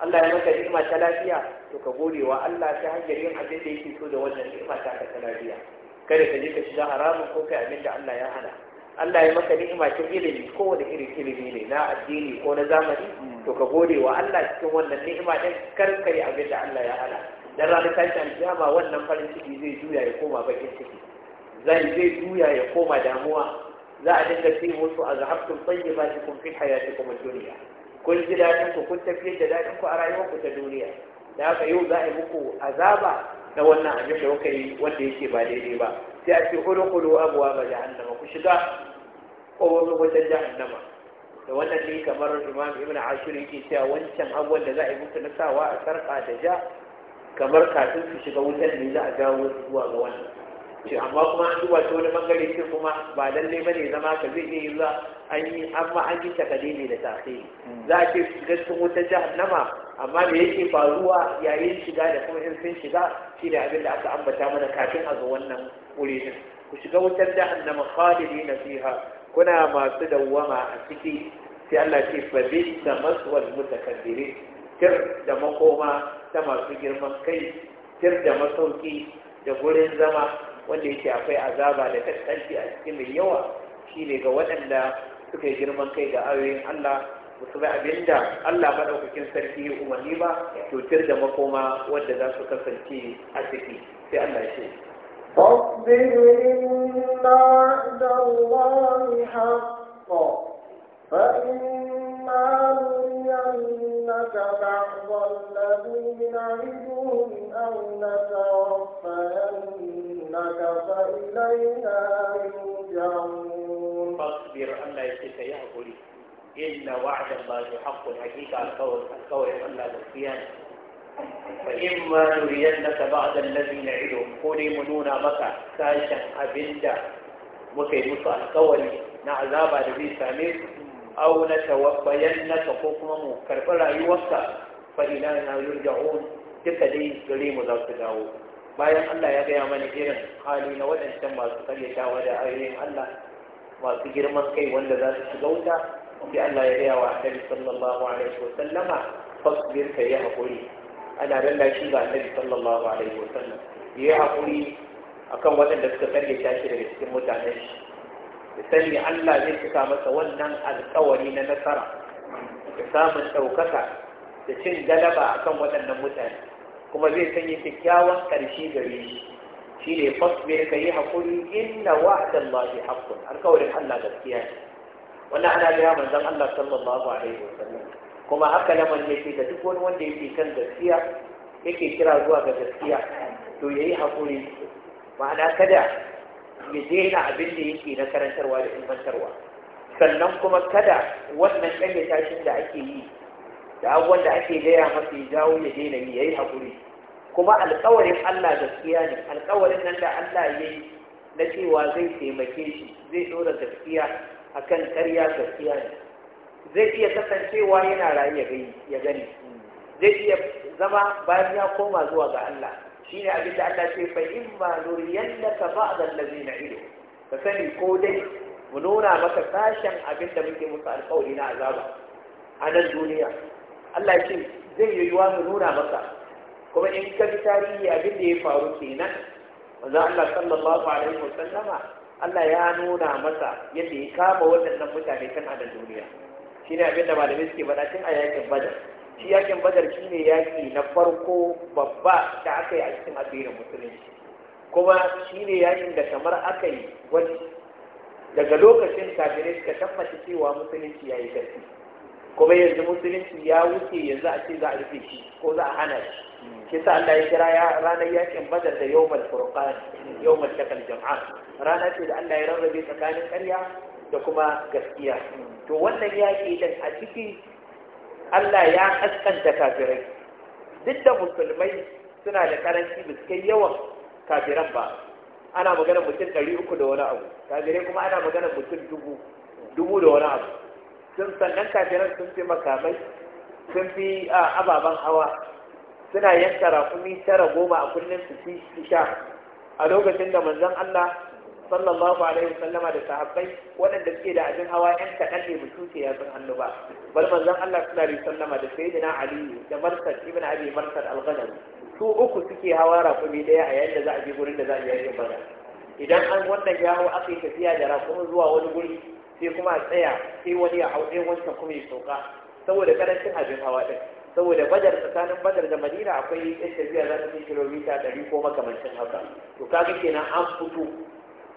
Allah ya masa ni'ima ta lafiya to ka gode wa Allah ta hanyar yin abin da yake so da wannan ni'ima ta ka ta lafiya kada ka je ka shiga haramun ko kai abin da Allah ya hana Allah ya maka ni'ima ta ilimi ko wani irin ilimi ne na addini ko na zamani to ka gode wa Allah cikin wannan ni'ima din kar ka yi abin da Allah ya hana dan ranar tashi alkiyama wannan farin ciki zai juya ya koma bakin ciki zai zai juya ya koma damuwa za a dinga ce musu a zahabtum tayyibatikum fi hayatikum ad-dunya kun ji dadin ku kun tafiye da dadin ku a rayuwar ku ta duniya da haka yau za a yi muku azaba na wannan abin da kuka yi wanda yake ba daidai ba sai a ce hulukulu abuwa ba jahannama ku shiga wani wajen jahannama da wannan ne kamar imam ibn ashur yake cewa wancan abubuwan da za a yi muku na sawa a sarƙa da ja kamar kafin su shiga wutar ne za a jawo zuwa ga wannan ce amma kuma an duba ta wani bangare ce kuma ba lalle bane zama ka zai iya yi an yi amma an yi takali ne da tafi za a ce shiga cikin wutar jahannama amma me yake faruwa yayin shiga da kuma in sun shiga shi ne abin da aka ambata mana kafin a ga wannan wuri ku shiga wutar jahannama khalidina fiha kuna masu dawwama a ciki sai Allah ce fa bi da maswal mutakabbirin kir da makoma ta masu girman kai tir da masauki da gurin zama wanda yake akwai azaba da kaskanci a cikin mai yawa shine ga waɗanda suka yi girman kai ga ayoyin Allah ba su bi abinda Allah maɗaukakin sarki ya umarni ba cutar da makoma wanda za su kasance a ciki sai Allah ya ce فاصبر إن وعد الله حق فإن نرينك بعض الذين نعدهم أو نتوفينك فإلينا يرجعون فاصبر ألا يسك يهبلي إن وعد الله حق الحقيقة القول القول ألا نسيان فإما نرينك بعض الذي نعدهم قولي منونا مكة ساشا أبندا muka yi musu alkawari na azaba da zai aw na ta ko kuma mu karɓi rayuwarsa fa ila na yurja'un duka dai gare mu za su dawo bayan Allah ya gaya mani irin hali na waɗancan masu karyatawa da ayoyin Allah masu girman kai wanda za su shiga wuta wanda Allah ya gaya wa Annabi sallallahu alaihi wa sallama fasbir kai hakuri ana lallashi ga Annabi sallallahu alaihi wa sallam yi hakuri akan waɗanda suka karyata shi daga cikin mutanen shi da sani Allah zai cika masa wannan alkawari na nasara da samun ɗaukaka da cin galaba akan waɗannan mutane kuma zai sanya kyakkyawan ƙarshe gare shi shi ne fasbir ka yi haƙuri wa wa'adan ma bi haqqun alkawarin Allah gaskiya ne wannan ana gaya manzan Allah sallallahu alaihi sallam. kuma haka laman yake da duk wani wanda yake kan gaskiya yake kira zuwa ga gaskiya to yayi haƙuri ma'ana kada ya daina abin da yake na karantarwa da ilmantarwa sannan kuma kada wannan ƙanye tashin da ake yi da abubuwan da ake gaya masa ya jawo ya daina yi ya yi haƙuri kuma alƙawarin Allah gaskiya ne alƙawarin nan da Allah ya yi na cewa zai taimake shi zai ɗora gaskiya akan ƙarya gaskiya ne zai iya kasancewa yana rayu ya gani zai iya zama bayan ya koma zuwa ga Allah shine abin da Allah ce fa in ma nuriyannaka ba'd na ido, ka sani ko dai mu nuna maka sashen abin da muke musu alƙawari na azaba a nan duniya Allah ya ce zai yiwuwa mu nuna maka kuma in ka bi tarihi abin da ya faru kenan manzo Allah sallallahu alaihi wasallama Allah ya nuna masa yadda ya kama waɗannan mutane kan a duniya shine abin da malamai suke faɗa tun a yakin badar shi yakin badar shi ne yaki na farko babba da aka yi a cikin addinin musulunci kuma shi ne yakin da kamar aka yi wani daga lokacin kafirai suka tabbata cewa musulunci ya yi karfi kuma yanzu musulunci ya wuce yanzu a ce za a rufe shi ko za a hana shi sa Allah ya kira ranar yakin badar da yawmal furqan yawmal takal jam'a rana ce da Allah ya rarrabe tsakanin ƙarya da kuma gaskiya to wannan yaki dan a ciki Allah ya kaskanta kafirai duk da musulmai suna da karanci da suke yawan kafiran ba ana magana mutum ɗari uku da wani abu kafirai kuma ana magana mutum dubu dubu da wani abu sun sannan kafiran sun fi makamai sun fi ababen hawa suna yanka rakumi tara goma a kullum su fi sha a lokacin da manzon Allah sallallahu alaihi wasallama da sahabbai waɗanda suke da abin hawa yan kaɗan ne mutum ke ya hannu ba bal manzon Allah sallallahu alaihi wasallama da sayyidina Ali da Marsad ibn Abi Marsad al-Ghanawi su uku suke hawa rakumi daya a yayin da za a je gurin da za a yi yayin bada idan an wannan ya hau aka yi tafiya da rakumi zuwa wani guri sai kuma a tsaya sai wani ya hau ɗaya wancan kuma ya sauka saboda karancin abin hawa ɗin saboda badar tsakanin badar da madina akwai yan tafiya za ta kai kilomita ɗari ko makamancin haka to kaga kenan an fito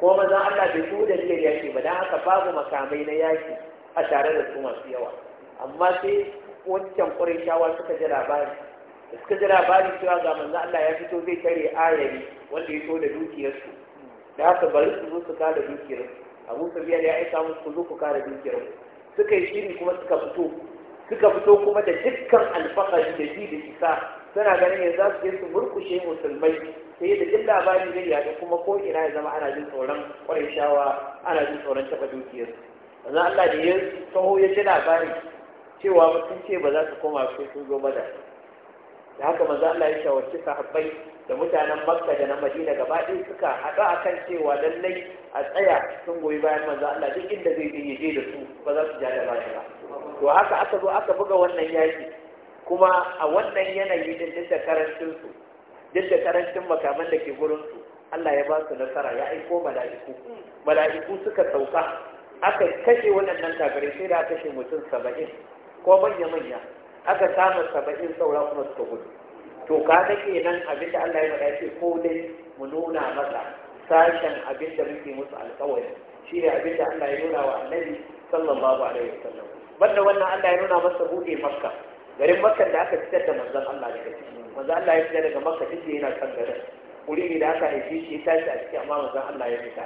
ko maza Allah bai su da niyyar yaki ba dan haka babu makamai na yaki a tare da su masu yawa amma sai wancan shawa suka ji labari da suka ji labari cewa ga manzo Allah ya fito zai tare ayari wanda ya so da dukiyarsu da haka bari su zo su kada dukiyar. abu sabiyar ya aika musu zo ku kada dukiyar suka yi shiri kuma suka fito suka fito kuma da dukkan alfahari da ji da isa suna ganin ya za su je su murkushe musulmai sai da jin labari zai yaɗu kuma ko ina ya zama ana jin tsoron ƙwarai shawa ana jin tsoron taɓa dukiyarsu yanzu Allah da ya taho ya ji labari cewa mutum ce ba za su koma sai sun zo bada da haka maza Allah ya shawarci sahabbai da mutanen Makka da na Madina gaba ɗaya suka haɗu a kan cewa lallai a tsaya sun goyi bayan maza Allah duk inda zai je da su ba za su ja da ba to haka aka zo aka buga wannan yaki kuma a wannan yanayi din duk da karancin su duk da karancin makaman da ke gurin su Allah ya ba su nasara ya aiko mala'iku mala'iku suka sauka aka kashe waɗannan kafirai sai da aka kashe mutum saba'in ko manya manya aka samu saba'in saura kuma suka gudu to ka ga kenan da Allah ya faɗa ce ko dai mu nuna masa sashen abin da muke musu alƙawari shi ne da Allah ya nuna wa annabi sallallahu alaihi wasallam banda wannan Allah ya nuna masa buɗe makka garin makar da aka fitar da manzan Allah daga ciki Allah ya fita daga maka duk da yana kan garin wuri ne da aka haife shi ya tashi a ciki amma manzon Allah ya fita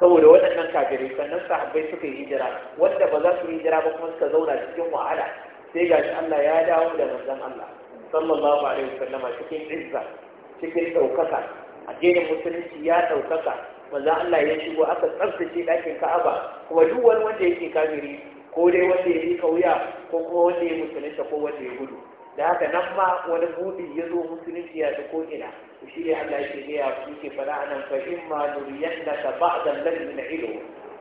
saboda waɗannan kafirai sannan sahabbai suka yi hijira wanda ba za su yi hijira ba kuma suka zauna cikin wahala sai ga shi Allah ya dawo da manzan Allah sallallahu alaihi wasallama cikin izza cikin ɗaukaka addinin musulunci ya ɗaukaka manzon Allah ya shigo aka tsaftace ɗakin Ka'aba kuma duk wani wanda yake kafiri ko dai wanda ya rika wuya ko kuma wanda ya musulunta ko wanda ya gudu da haka nan ma wani buɗi ya zo musulunci ya ta ko'ina to shi ne Allah yake gaya yake faɗa a nan fa in ma nuriyannaka ba'da alladhi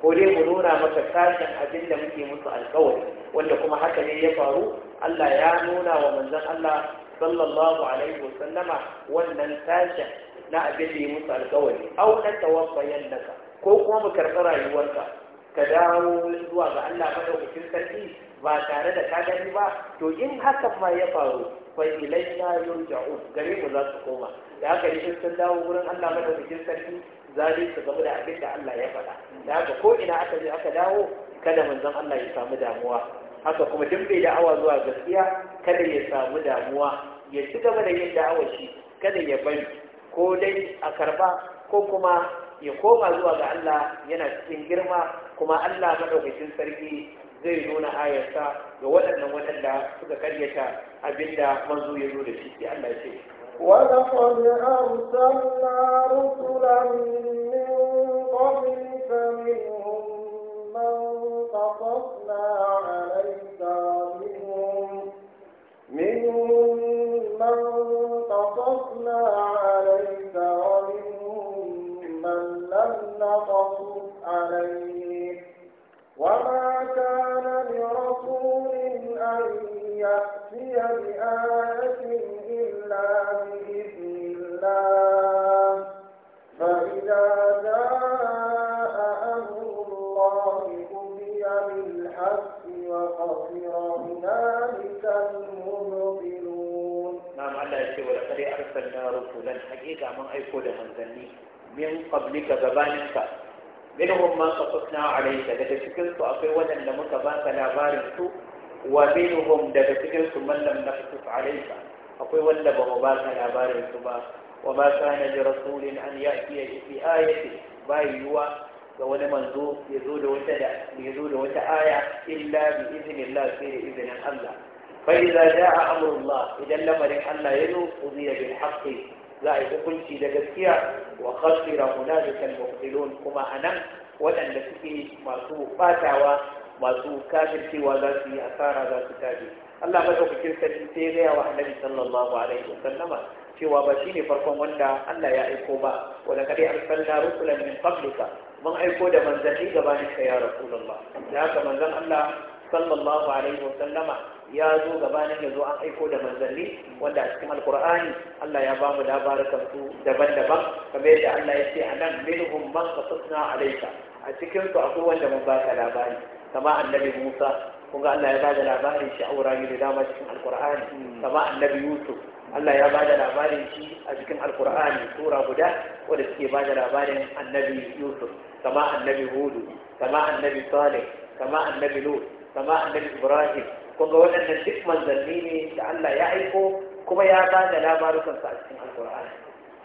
ko dai mu nuna maka kashin abin da muke musu alkawari wanda kuma haka ne ya faru Allah ya nuna wa manzon Allah sallallahu alaihi wa sallama wannan kashin na abin da ya musu alkawari au na tawaffayan naka ko kuma mu karɓi rayuwarka ka dawo zuwa ga Allah madaukakin sarki ba tare da ka gani ba to in hakan ma ya faru yau ilaina yurja'u gare mu za su koma da haka ne sun dawo wurin Allah madaukakin sarki ne su zama da abin da Allah ya faɗa da haka ko ina aka je aka dawo kada manzon Allah ya samu damuwa haka kuma duk da awa zuwa gaskiya kada ya samu damuwa ya ci gaba da yin da'awar shi kada ya bari ko dai a karba ko kuma ya koma zuwa ga Allah yana cikin girma kuma Allah madaukakin sarki zai nuna ayarsa ga waɗannan waɗanda suka karyata abinda manzo ya zo da shi sai Allah ya ce ولقد أرسلنا رسلا من من قصصنا عليك إلا بإذن الله فإذا جاء أمر الله قضي بالحق وخسر هنالك المبطلون نعم على يشي ولقد أرسلنا رسلا حقيقة من أيكو من قبلك زبانك منهم ما قصصنا عليك لذا شكلت أقوى لما تباك لا بارك wa minhum daga cikin su man lam akwai wanda ba mu ba ka labarin su ba wa ma kana li rasulin an ya'ti fi ayati bai ga wani manzo ya zo da wata da ya zo da wata aya illa bi iznillah sai da iznin Allah fa idza jaa amrullah idan lamarin Allah ya zo uziya bil haqqi za a yi hukunci da gaskiya wa khasira hunalika al-mubtilun kuma anan waɗanda suke masu batawa masu kafircewa za su yi asara za su kaje Allah madaukakin sarki sai ya gaya wa annabi sallallahu alaihi wasallama cewa ba shine farkon wanda Allah ya aiko ba wanda kadai arsalna rusulan min qablika mun aiko da manzanni gabanin ka ya rasulullah da haka manzon Allah sallallahu alaihi wasallama ya zo gabanin ya an aiko da manzanni wanda a cikin alkur'ani Allah ya bamu labarukan su daban-daban kamar yadda Allah ya ce anan minhum man qasasna alayka a cikin su akwai wanda mun baka labari kama annabi Musa kun ga Allah ya bada labarin shi a wurare da dama cikin alkur'ani hmm. kama annabi Yusuf Allah ya bada labarin shi a cikin alkur'ani sura guda wanda suke bada labarin annabi Yusuf kama annabi Hudu kama annabi Salih kama annabi Lut kama annabi Ibrahim kun ga waɗannan duk manzanni ne da Allah ya aiko kuma ya bada labarukansa a cikin alkur'ani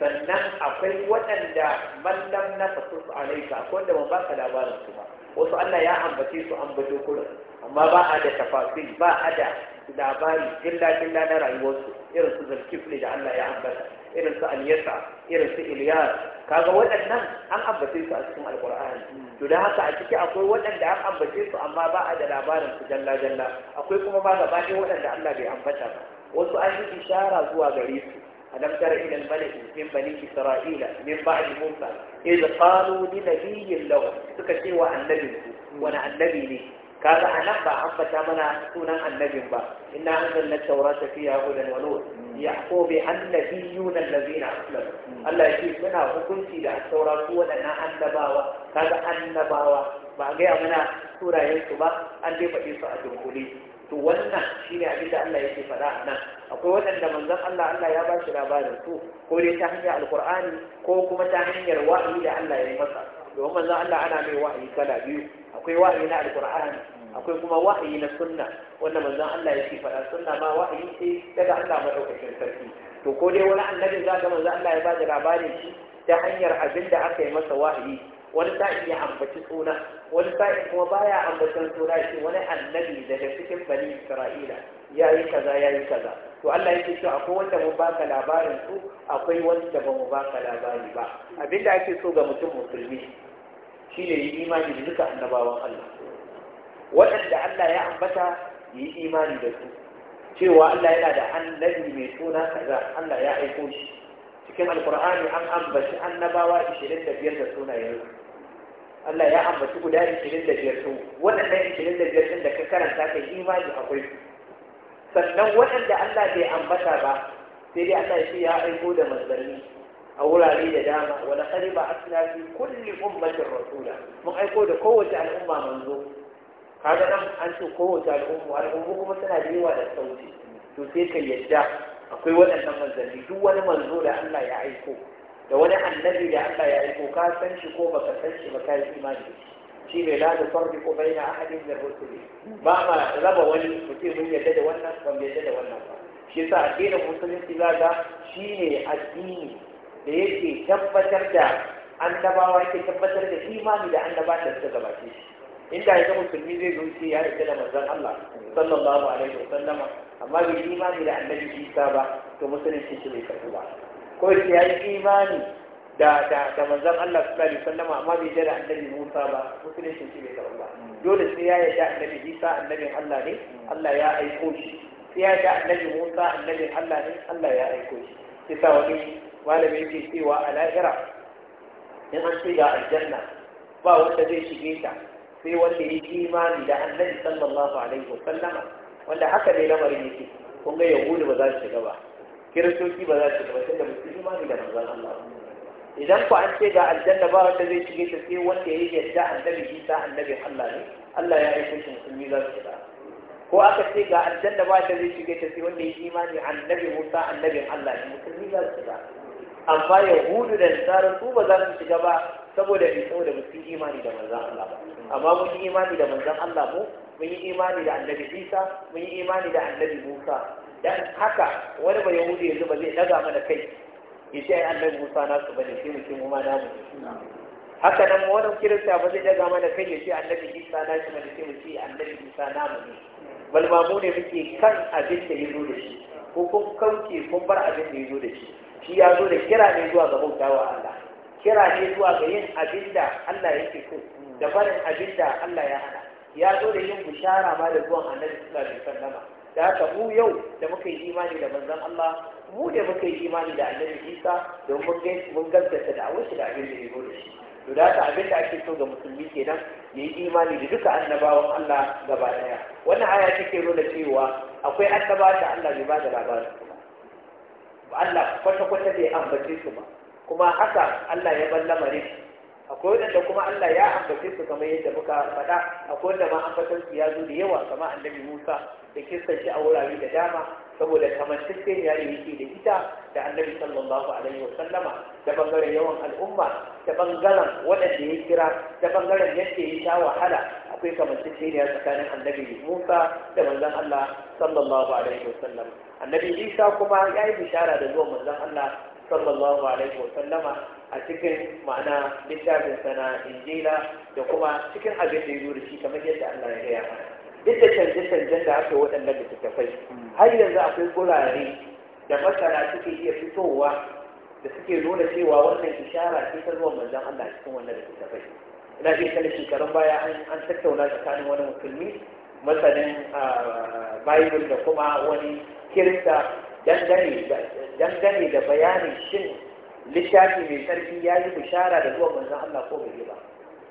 sannan akwai waɗanda mallam na fasus alaika akwai wanda ba ka labarin su ba wasu Allah ya ambace su ambato kullum amma ba a da tafafi ba a da labari illa illa na rayuwarsu irin su zulkifli da Allah ya ambata irin su aliyasa irin su iliyas kaga waɗannan an ambace su a cikin alkur'ani to da haka a ciki akwai waɗanda an ambace su amma ba a da labarin su jalla jalla akwai kuma ba gaba ɗaya waɗanda Allah bai ambata ba wasu an yi ishara zuwa gare su ألم تر إلى الملك من بني إسرائيل من بعد موسى إذ قالوا لنبي له تكشيوا عن نبي وانا النبي لي كان أنا بأحبة منا سونا النبي با إنا أنزلنا التوراة فيها هدى ونور يحكو بها النبيون الذين أسلموا الله يجيب منا حكمتي لها التوراة ولنا النباوة كذا النباوة بعدين منا سورة يوسف أن يبقى يسوع الدخولي to wannan shine abin da Allah yake faɗa a nan akwai waɗanda manzan Allah Allah ya ba shi labarin su ko dai ta hanyar alkur'ani ko kuma ta hanyar wa'ayi da Allah ya yi masa domin manzan Allah ana mai wa'ayi kala biyu akwai wa'ayi na alkur'ani akwai kuma wa'ayi na sunna wanda manzan Allah ya ce faɗa sunna ma wa'ayi ce daga Allah madaukakin sarki to ko dai wani annabi za ga manzan Allah ya ba da labarin shi ta hanyar abin da aka yi masa wa'ayi wani sa'in ya ambaci suna wani sa'in kuma baya ambacin suna shi wani annabi daga cikin bani isra'ila ya yi kaza ya yi kaza to Allah yake cewa akwai wanda mu baka labarin su akwai wanda ba mu baka labari ba abinda ake so ga mutum musulmi shine yi imani da duka annabawan Allah waɗanda Allah ya ambata yi imani da su cewa Allah yana da annabi mai suna kaza Allah ya aiko shi cikin alkur'ani an ambaci annabawa 25 da sunayensu Allah ya ambaci guda 25 su waɗannan 25 sun da ka karanta kai imani akwai su sannan waɗanda Allah bai ambata ba sai dai Allah shi ya aiko da manzanni a wurare da dama wani kare ba asina fi kulli ummatin rasula mun aiko da kowace al'umma manzo kaga nan an ce kowace al'umma al'umma kuma suna da yawa da sauti to sai ka yadda akwai waɗannan manzanni duk wani manzo da Allah ya aiko da wani annabi da Allah ya aiko ka san shi ko baka san shi ba ka yi imani da shi shi ne la da farbi ko bai na ahadin da rusuli ba ma raba wani mutum mun yadda da wannan ban yadda da wannan ba shi yasa addinin musulunci za ga shi ne addini da yake tabbatar da annabawa yake tabbatar da imani da annabawa da suka gabace shi inda ya musulmi zai shi ya rike da manzon Allah sallallahu alaihi wa amma bai imani da annabi Isa ba to musulunci shi bai karɓi ba ko ya yi imani da da da manzon Allah sallallahu alaihi wasallam amma bai jira annabi Musa ba musulunci shi bai karɓa dole sai ya yarda annabi Isa annabin Allah ne Allah ya aiko shi sai ya yarda annabi Musa annabin Allah ne Allah ya aiko shi sai sa wani malami yake cewa a lahira in an ce ga aljanna ba wanda zai shige ta sai wanda ya yi imani da annabi sallallahu alaihi wasallama wanda haka ne lamarin yake kun ga yahudu ba za su shiga ba kiristoci ba za su shiga ba tunda musulmi imani da manzon Allah idan ku an ce ga aljanna ba wanda zai shige ta sai wanda ya yi yadda annabi isa annabi allah ne allah ya aiko shi musulmi za su shiga ko aka ce ga aljanna ba wanda zai shige ta sai wanda ya yi imani annabi musa annabi allah ne musulmi za su shiga amma yahudu da nasara su ba za su shiga ba saboda ne saboda ba su yi imani da manzan allah ba amma mun yi imani da manzan allah mu mun yi imani da annabi isa mun yi imani da annabi musa dan haka wani ba Yahudu yanzu ba zai daga mana kai ya ce ai Musa musa su ba shi mutum mu na mu haka nan wani kirista ba zai daga mana kai ya ce annabi isa na shi bane shi mu ce annabi isa namu ne Balmamu ne muke kan abin da ya zo da shi ko kun kauce kun bar abin da ya zo da shi shi ya zo da kira ne zuwa ga wa Allah kira ne zuwa ga yin abin da Allah yake so da barin abin da Allah ya hana ya zo da yin bishara ma da zuwan annabi Isa da sallama. da haka mu yau da muka yi imani da manzon Allah mu da muka yi imani da annabi Isa da mun ga da awon shi da abin da yake da shi to da haka abin da ake so ga musulmi kenan ya yi imani da duka annabawan Allah gaba daya wannan aya take nuna cewa akwai annaba da Allah bai ba da labarin Allah kwata-kwata bai ambace su ba kuma haka Allah ya ballama ne akwai wadanda kuma Allah ya ambace su kamar yadda muka faɗa akwai wanda ma ambatan su ya zo da yawa kamar annabi Musa da kissan shi a wurare da dama saboda kamar cikin ya yi yake da ita da annabi sallallahu alaihi wa sallama da bangaren yawan al'umma da bangaren waɗanda ya kira da bangaren yadda ya sha wahala akwai kamar cikin ya tsakanin annabi Musa da manzon Allah sallallahu alaihi wa sallama annabi Isa kuma ya yi bishara da zuwan manzon Allah sallallahu alaihi wa a cikin ma'ana littafin sana injila da kuma cikin abin da ya shi kamar yadda Allah ya gaya mana duk da canje-canjen da aka waɗannan littattafai har yanzu akwai gurare da masana suke iya fitowa da suke nuna cewa wannan ishara ce ta zuwa manzon Allah cikin wannan littattafai ina da kan shekarun baya an tattauna tsakanin wani musulmi masanin ah, bible da kuma wani kirista dangane da dangane da bayanin shin littafi mai sarki ya yi bishara da zuwa manzon Allah ko bai ba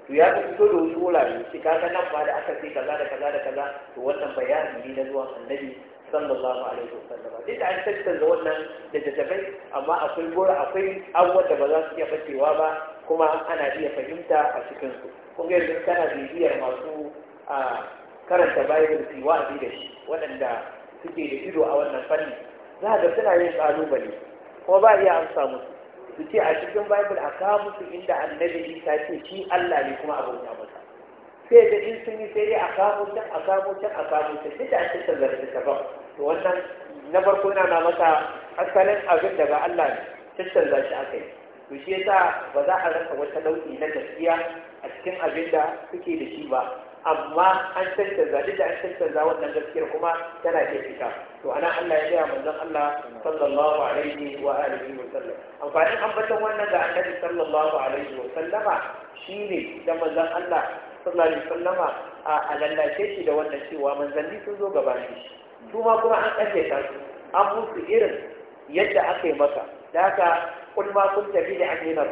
to ya fito da wasu wurare shi ga nan ba da aka ce kaza da kaza da kaza to wannan bayani ne na zuwan annabi sallallahu alaihi wasallam duk da an tattauna wannan da tattabai amma akwai gora akwai abubuwan da ba za su iya bacewa ba kuma ana iya fahimta a cikin su kun ga yanzu kana bibiyar masu karanta bayan su yi wa'azi da shi waɗanda suke da ido a wannan fanni za ga suna yin kalubale kuma ba iya amsa musu su ce a cikin bible a kawo musu inda annabi isa ce shi allah ne kuma abin ya masa sai da in sun yi sai dai a kawo can a kawo can a kawo can duk da an cikin zarafi ta ba to wannan na farko yana na masa asalin abin daga allah ne cikin zashi aka yi to shi yasa ba za a rasa wata nau'i na gaskiya a cikin abin da suke da shi ba amma an tattaza duk da an tattaza wannan gaskiyar kuma tana ke fita to ana Allah ya gaya manzon Allah sallallahu alaihi wa alihi wa sallam amfanin ambaton wannan ga annabi sallallahu alaihi wa sallama shine da manzon Allah sallallahu alaihi wa sallama a lallace shi da wannan cewa manzanni sun zo gabanin shi su ma kuma an kalle ta su an musu irin yadda aka yi maka da haka kun ma kun tafi da an yana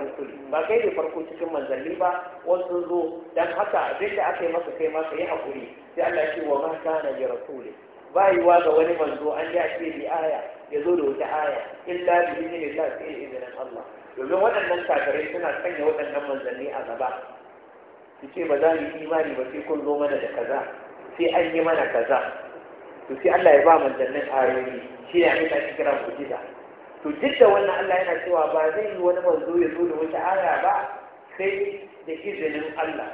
ba kai da farko cikin manzanni ba wasu zo dan haka abin da aka yi masa kai masa yi hakuri sai Allah ce wa ma kana bi rasuli ba yiwa ga wani manzo an ya ce bi aya ya zo da wata aya illa bi idinillah sai izinin Allah domin waɗannan kafirai suna sanya waɗannan manzanni a gaba su ce ba za mu yi imani ba sai kun zo mana da kaza sai an yi mana kaza to sai Allah ya ba manzannin ayoyi shi ne a da kira mu'jiza to duk da wannan Allah yana cewa ba zai yi wani manzo ya zo da wata aya ba sai da izinin Allah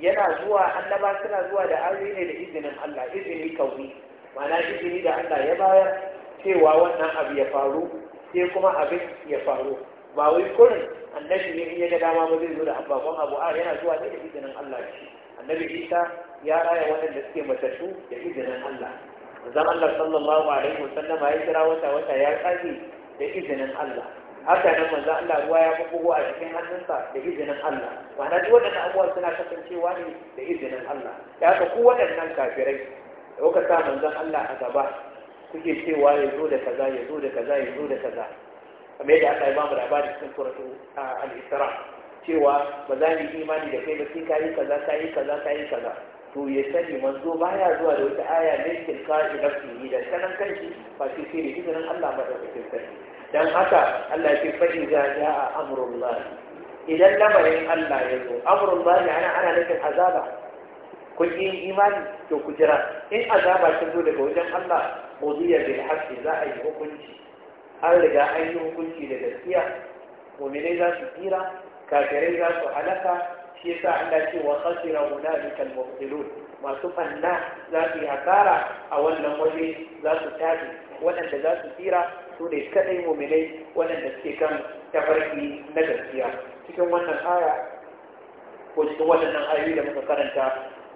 yana zuwa annaba suna zuwa da ayoyi ne da izinin Allah izini kauni ma'ana izini da Allah ya bayar cewa wannan abu ya faru sai kuma abin ya faru ba wai kurin annabi ne in ya ga dama ba zai zo da ababen abu a yana zuwa ne da izinin Allah shi annabi Isa ya raya waɗanda suke matattu da izinin Allah zan Allah sallallahu alaihi wasallam ya kira wata wata ya tsage da izinin Allah haka nan manzo Allah ruwa ya bubugo a cikin hannunsa da izinin Allah ma'ana duk waɗannan abubuwa suna kasancewa ne da izinin Allah Ya ka ku waɗannan kafirai da kuka sa manzon Allah a gaba kuke cewa ya zo da kaza ya zo da kaza ya zo da kaza kamar yadda aka yi ba mu labari cikin suratu al-Isra cewa ba za mu yi imani da kai ba sai ka yi kaza ka yi kaza ka yi kaza to ya sani manzo baya zuwa da wata aya ne kirka ibadin da sanan kanshi ba shi ke da izinin Allah madaukakin sarki dan haka Allah ya ce fa iza jaa amrullah idan lamarin Allah ya zo amrullah ana ana nufin azaba kun yi imani to ku jira in azaba ta zo daga wajen Allah mudiya bil haqqi za a yi hukunci an riga an yi hukunci da gaskiya mu'minai za su tsira kafirai za su halaka shi yasa Allah ce wa khasira hunalika al-mubtilun masu fanna za su yi hasara a wannan waje za su tafi waɗanda za su tsira su ne kaɗai muminai waɗanda suke kan tafarki na gaskiya cikin wannan aya ko cikin waɗannan ayoyi da muka karanta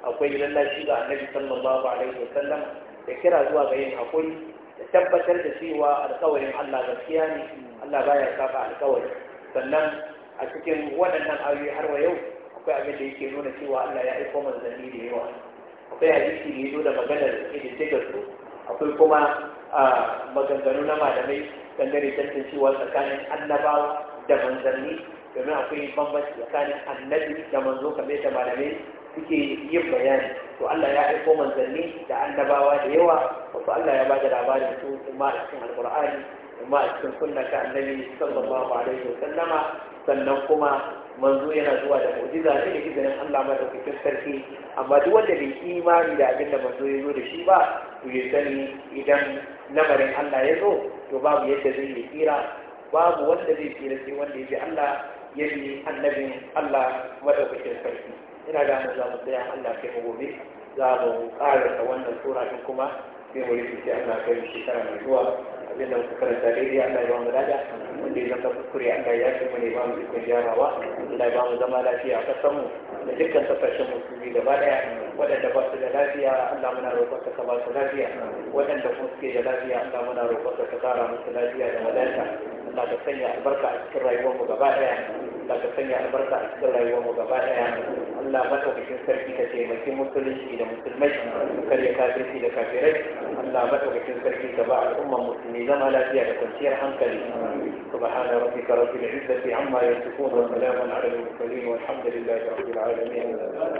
akwai lallashi ga annabi sallallahu alaihi wa sallam da kira zuwa ga yin hakuri da tabbatar da cewa alkawarin Allah gaskiya ne Allah baya saba alkawari sannan a cikin waɗannan ayoyi har wa yau akwai abin da yake nuna cewa Allah ya aiko manzanni da yawa akwai hadisi da ya nuna maganar ƙididdigar su akwai kuma maganganu na malamai dangane tantancewa tsakanin annabawa da manzanni domin akwai bambanci tsakanin annabi da manzo kamar da malamai suke yin bayani to Allah ya aiko manzanni da annabawa da yawa wasu Allah ya ba da labarin su kuma a cikin alkur'ani kuma a cikin sunna ka annabi sallallahu alaihi wa sallama sannan kuma manzo yana zuwa da mu'jiza ne izinin Allah ma madaukakin sarki amma duk wanda bai imani da abin da manzo ya zo da shi ba to ya sani idan lamarin Allah ya zo to babu yadda zai yi tsira babu wanda zai tsira sai wanda ya ji Allah ya bi annabin Allah madaukakin sarki ina da mu za mu tsaya Allah kai gobe za mu ƙara wannan sura kuma sai mu rubuta Allah kai shekara mai zuwa abinda da muka karanta daidai Allah ya ba mu lada wanda ya zaka kuskure Allah ya shi mu ne ba mu ikon jarawa Allah ya ba mu zama lafiya a kasanmu da dukkan kasashen musulmi gaba daya waɗanda ba su da lafiya Allah muna roƙon ka ka ba su lafiya waɗanda kuma suke da lafiya Allah muna roƙon ka ka kara musu lafiya da wadata Allah ka sanya albarka a cikin rayuwar mu gaba daya Allah ka sanya albarka a cikin rayuwar mu gaba daya Allah maka bikin sarki ka taimaki musulunci da musulmai kar ya kafirci da kafirai Allah maka bikin sarki ka ba al'ummar musulmi zama lafiya da kwanciyar hankali سبحان ربك رب العزة amma يصفون وسلام على المرسلين mursalin walhamdulillahi rabbil alamin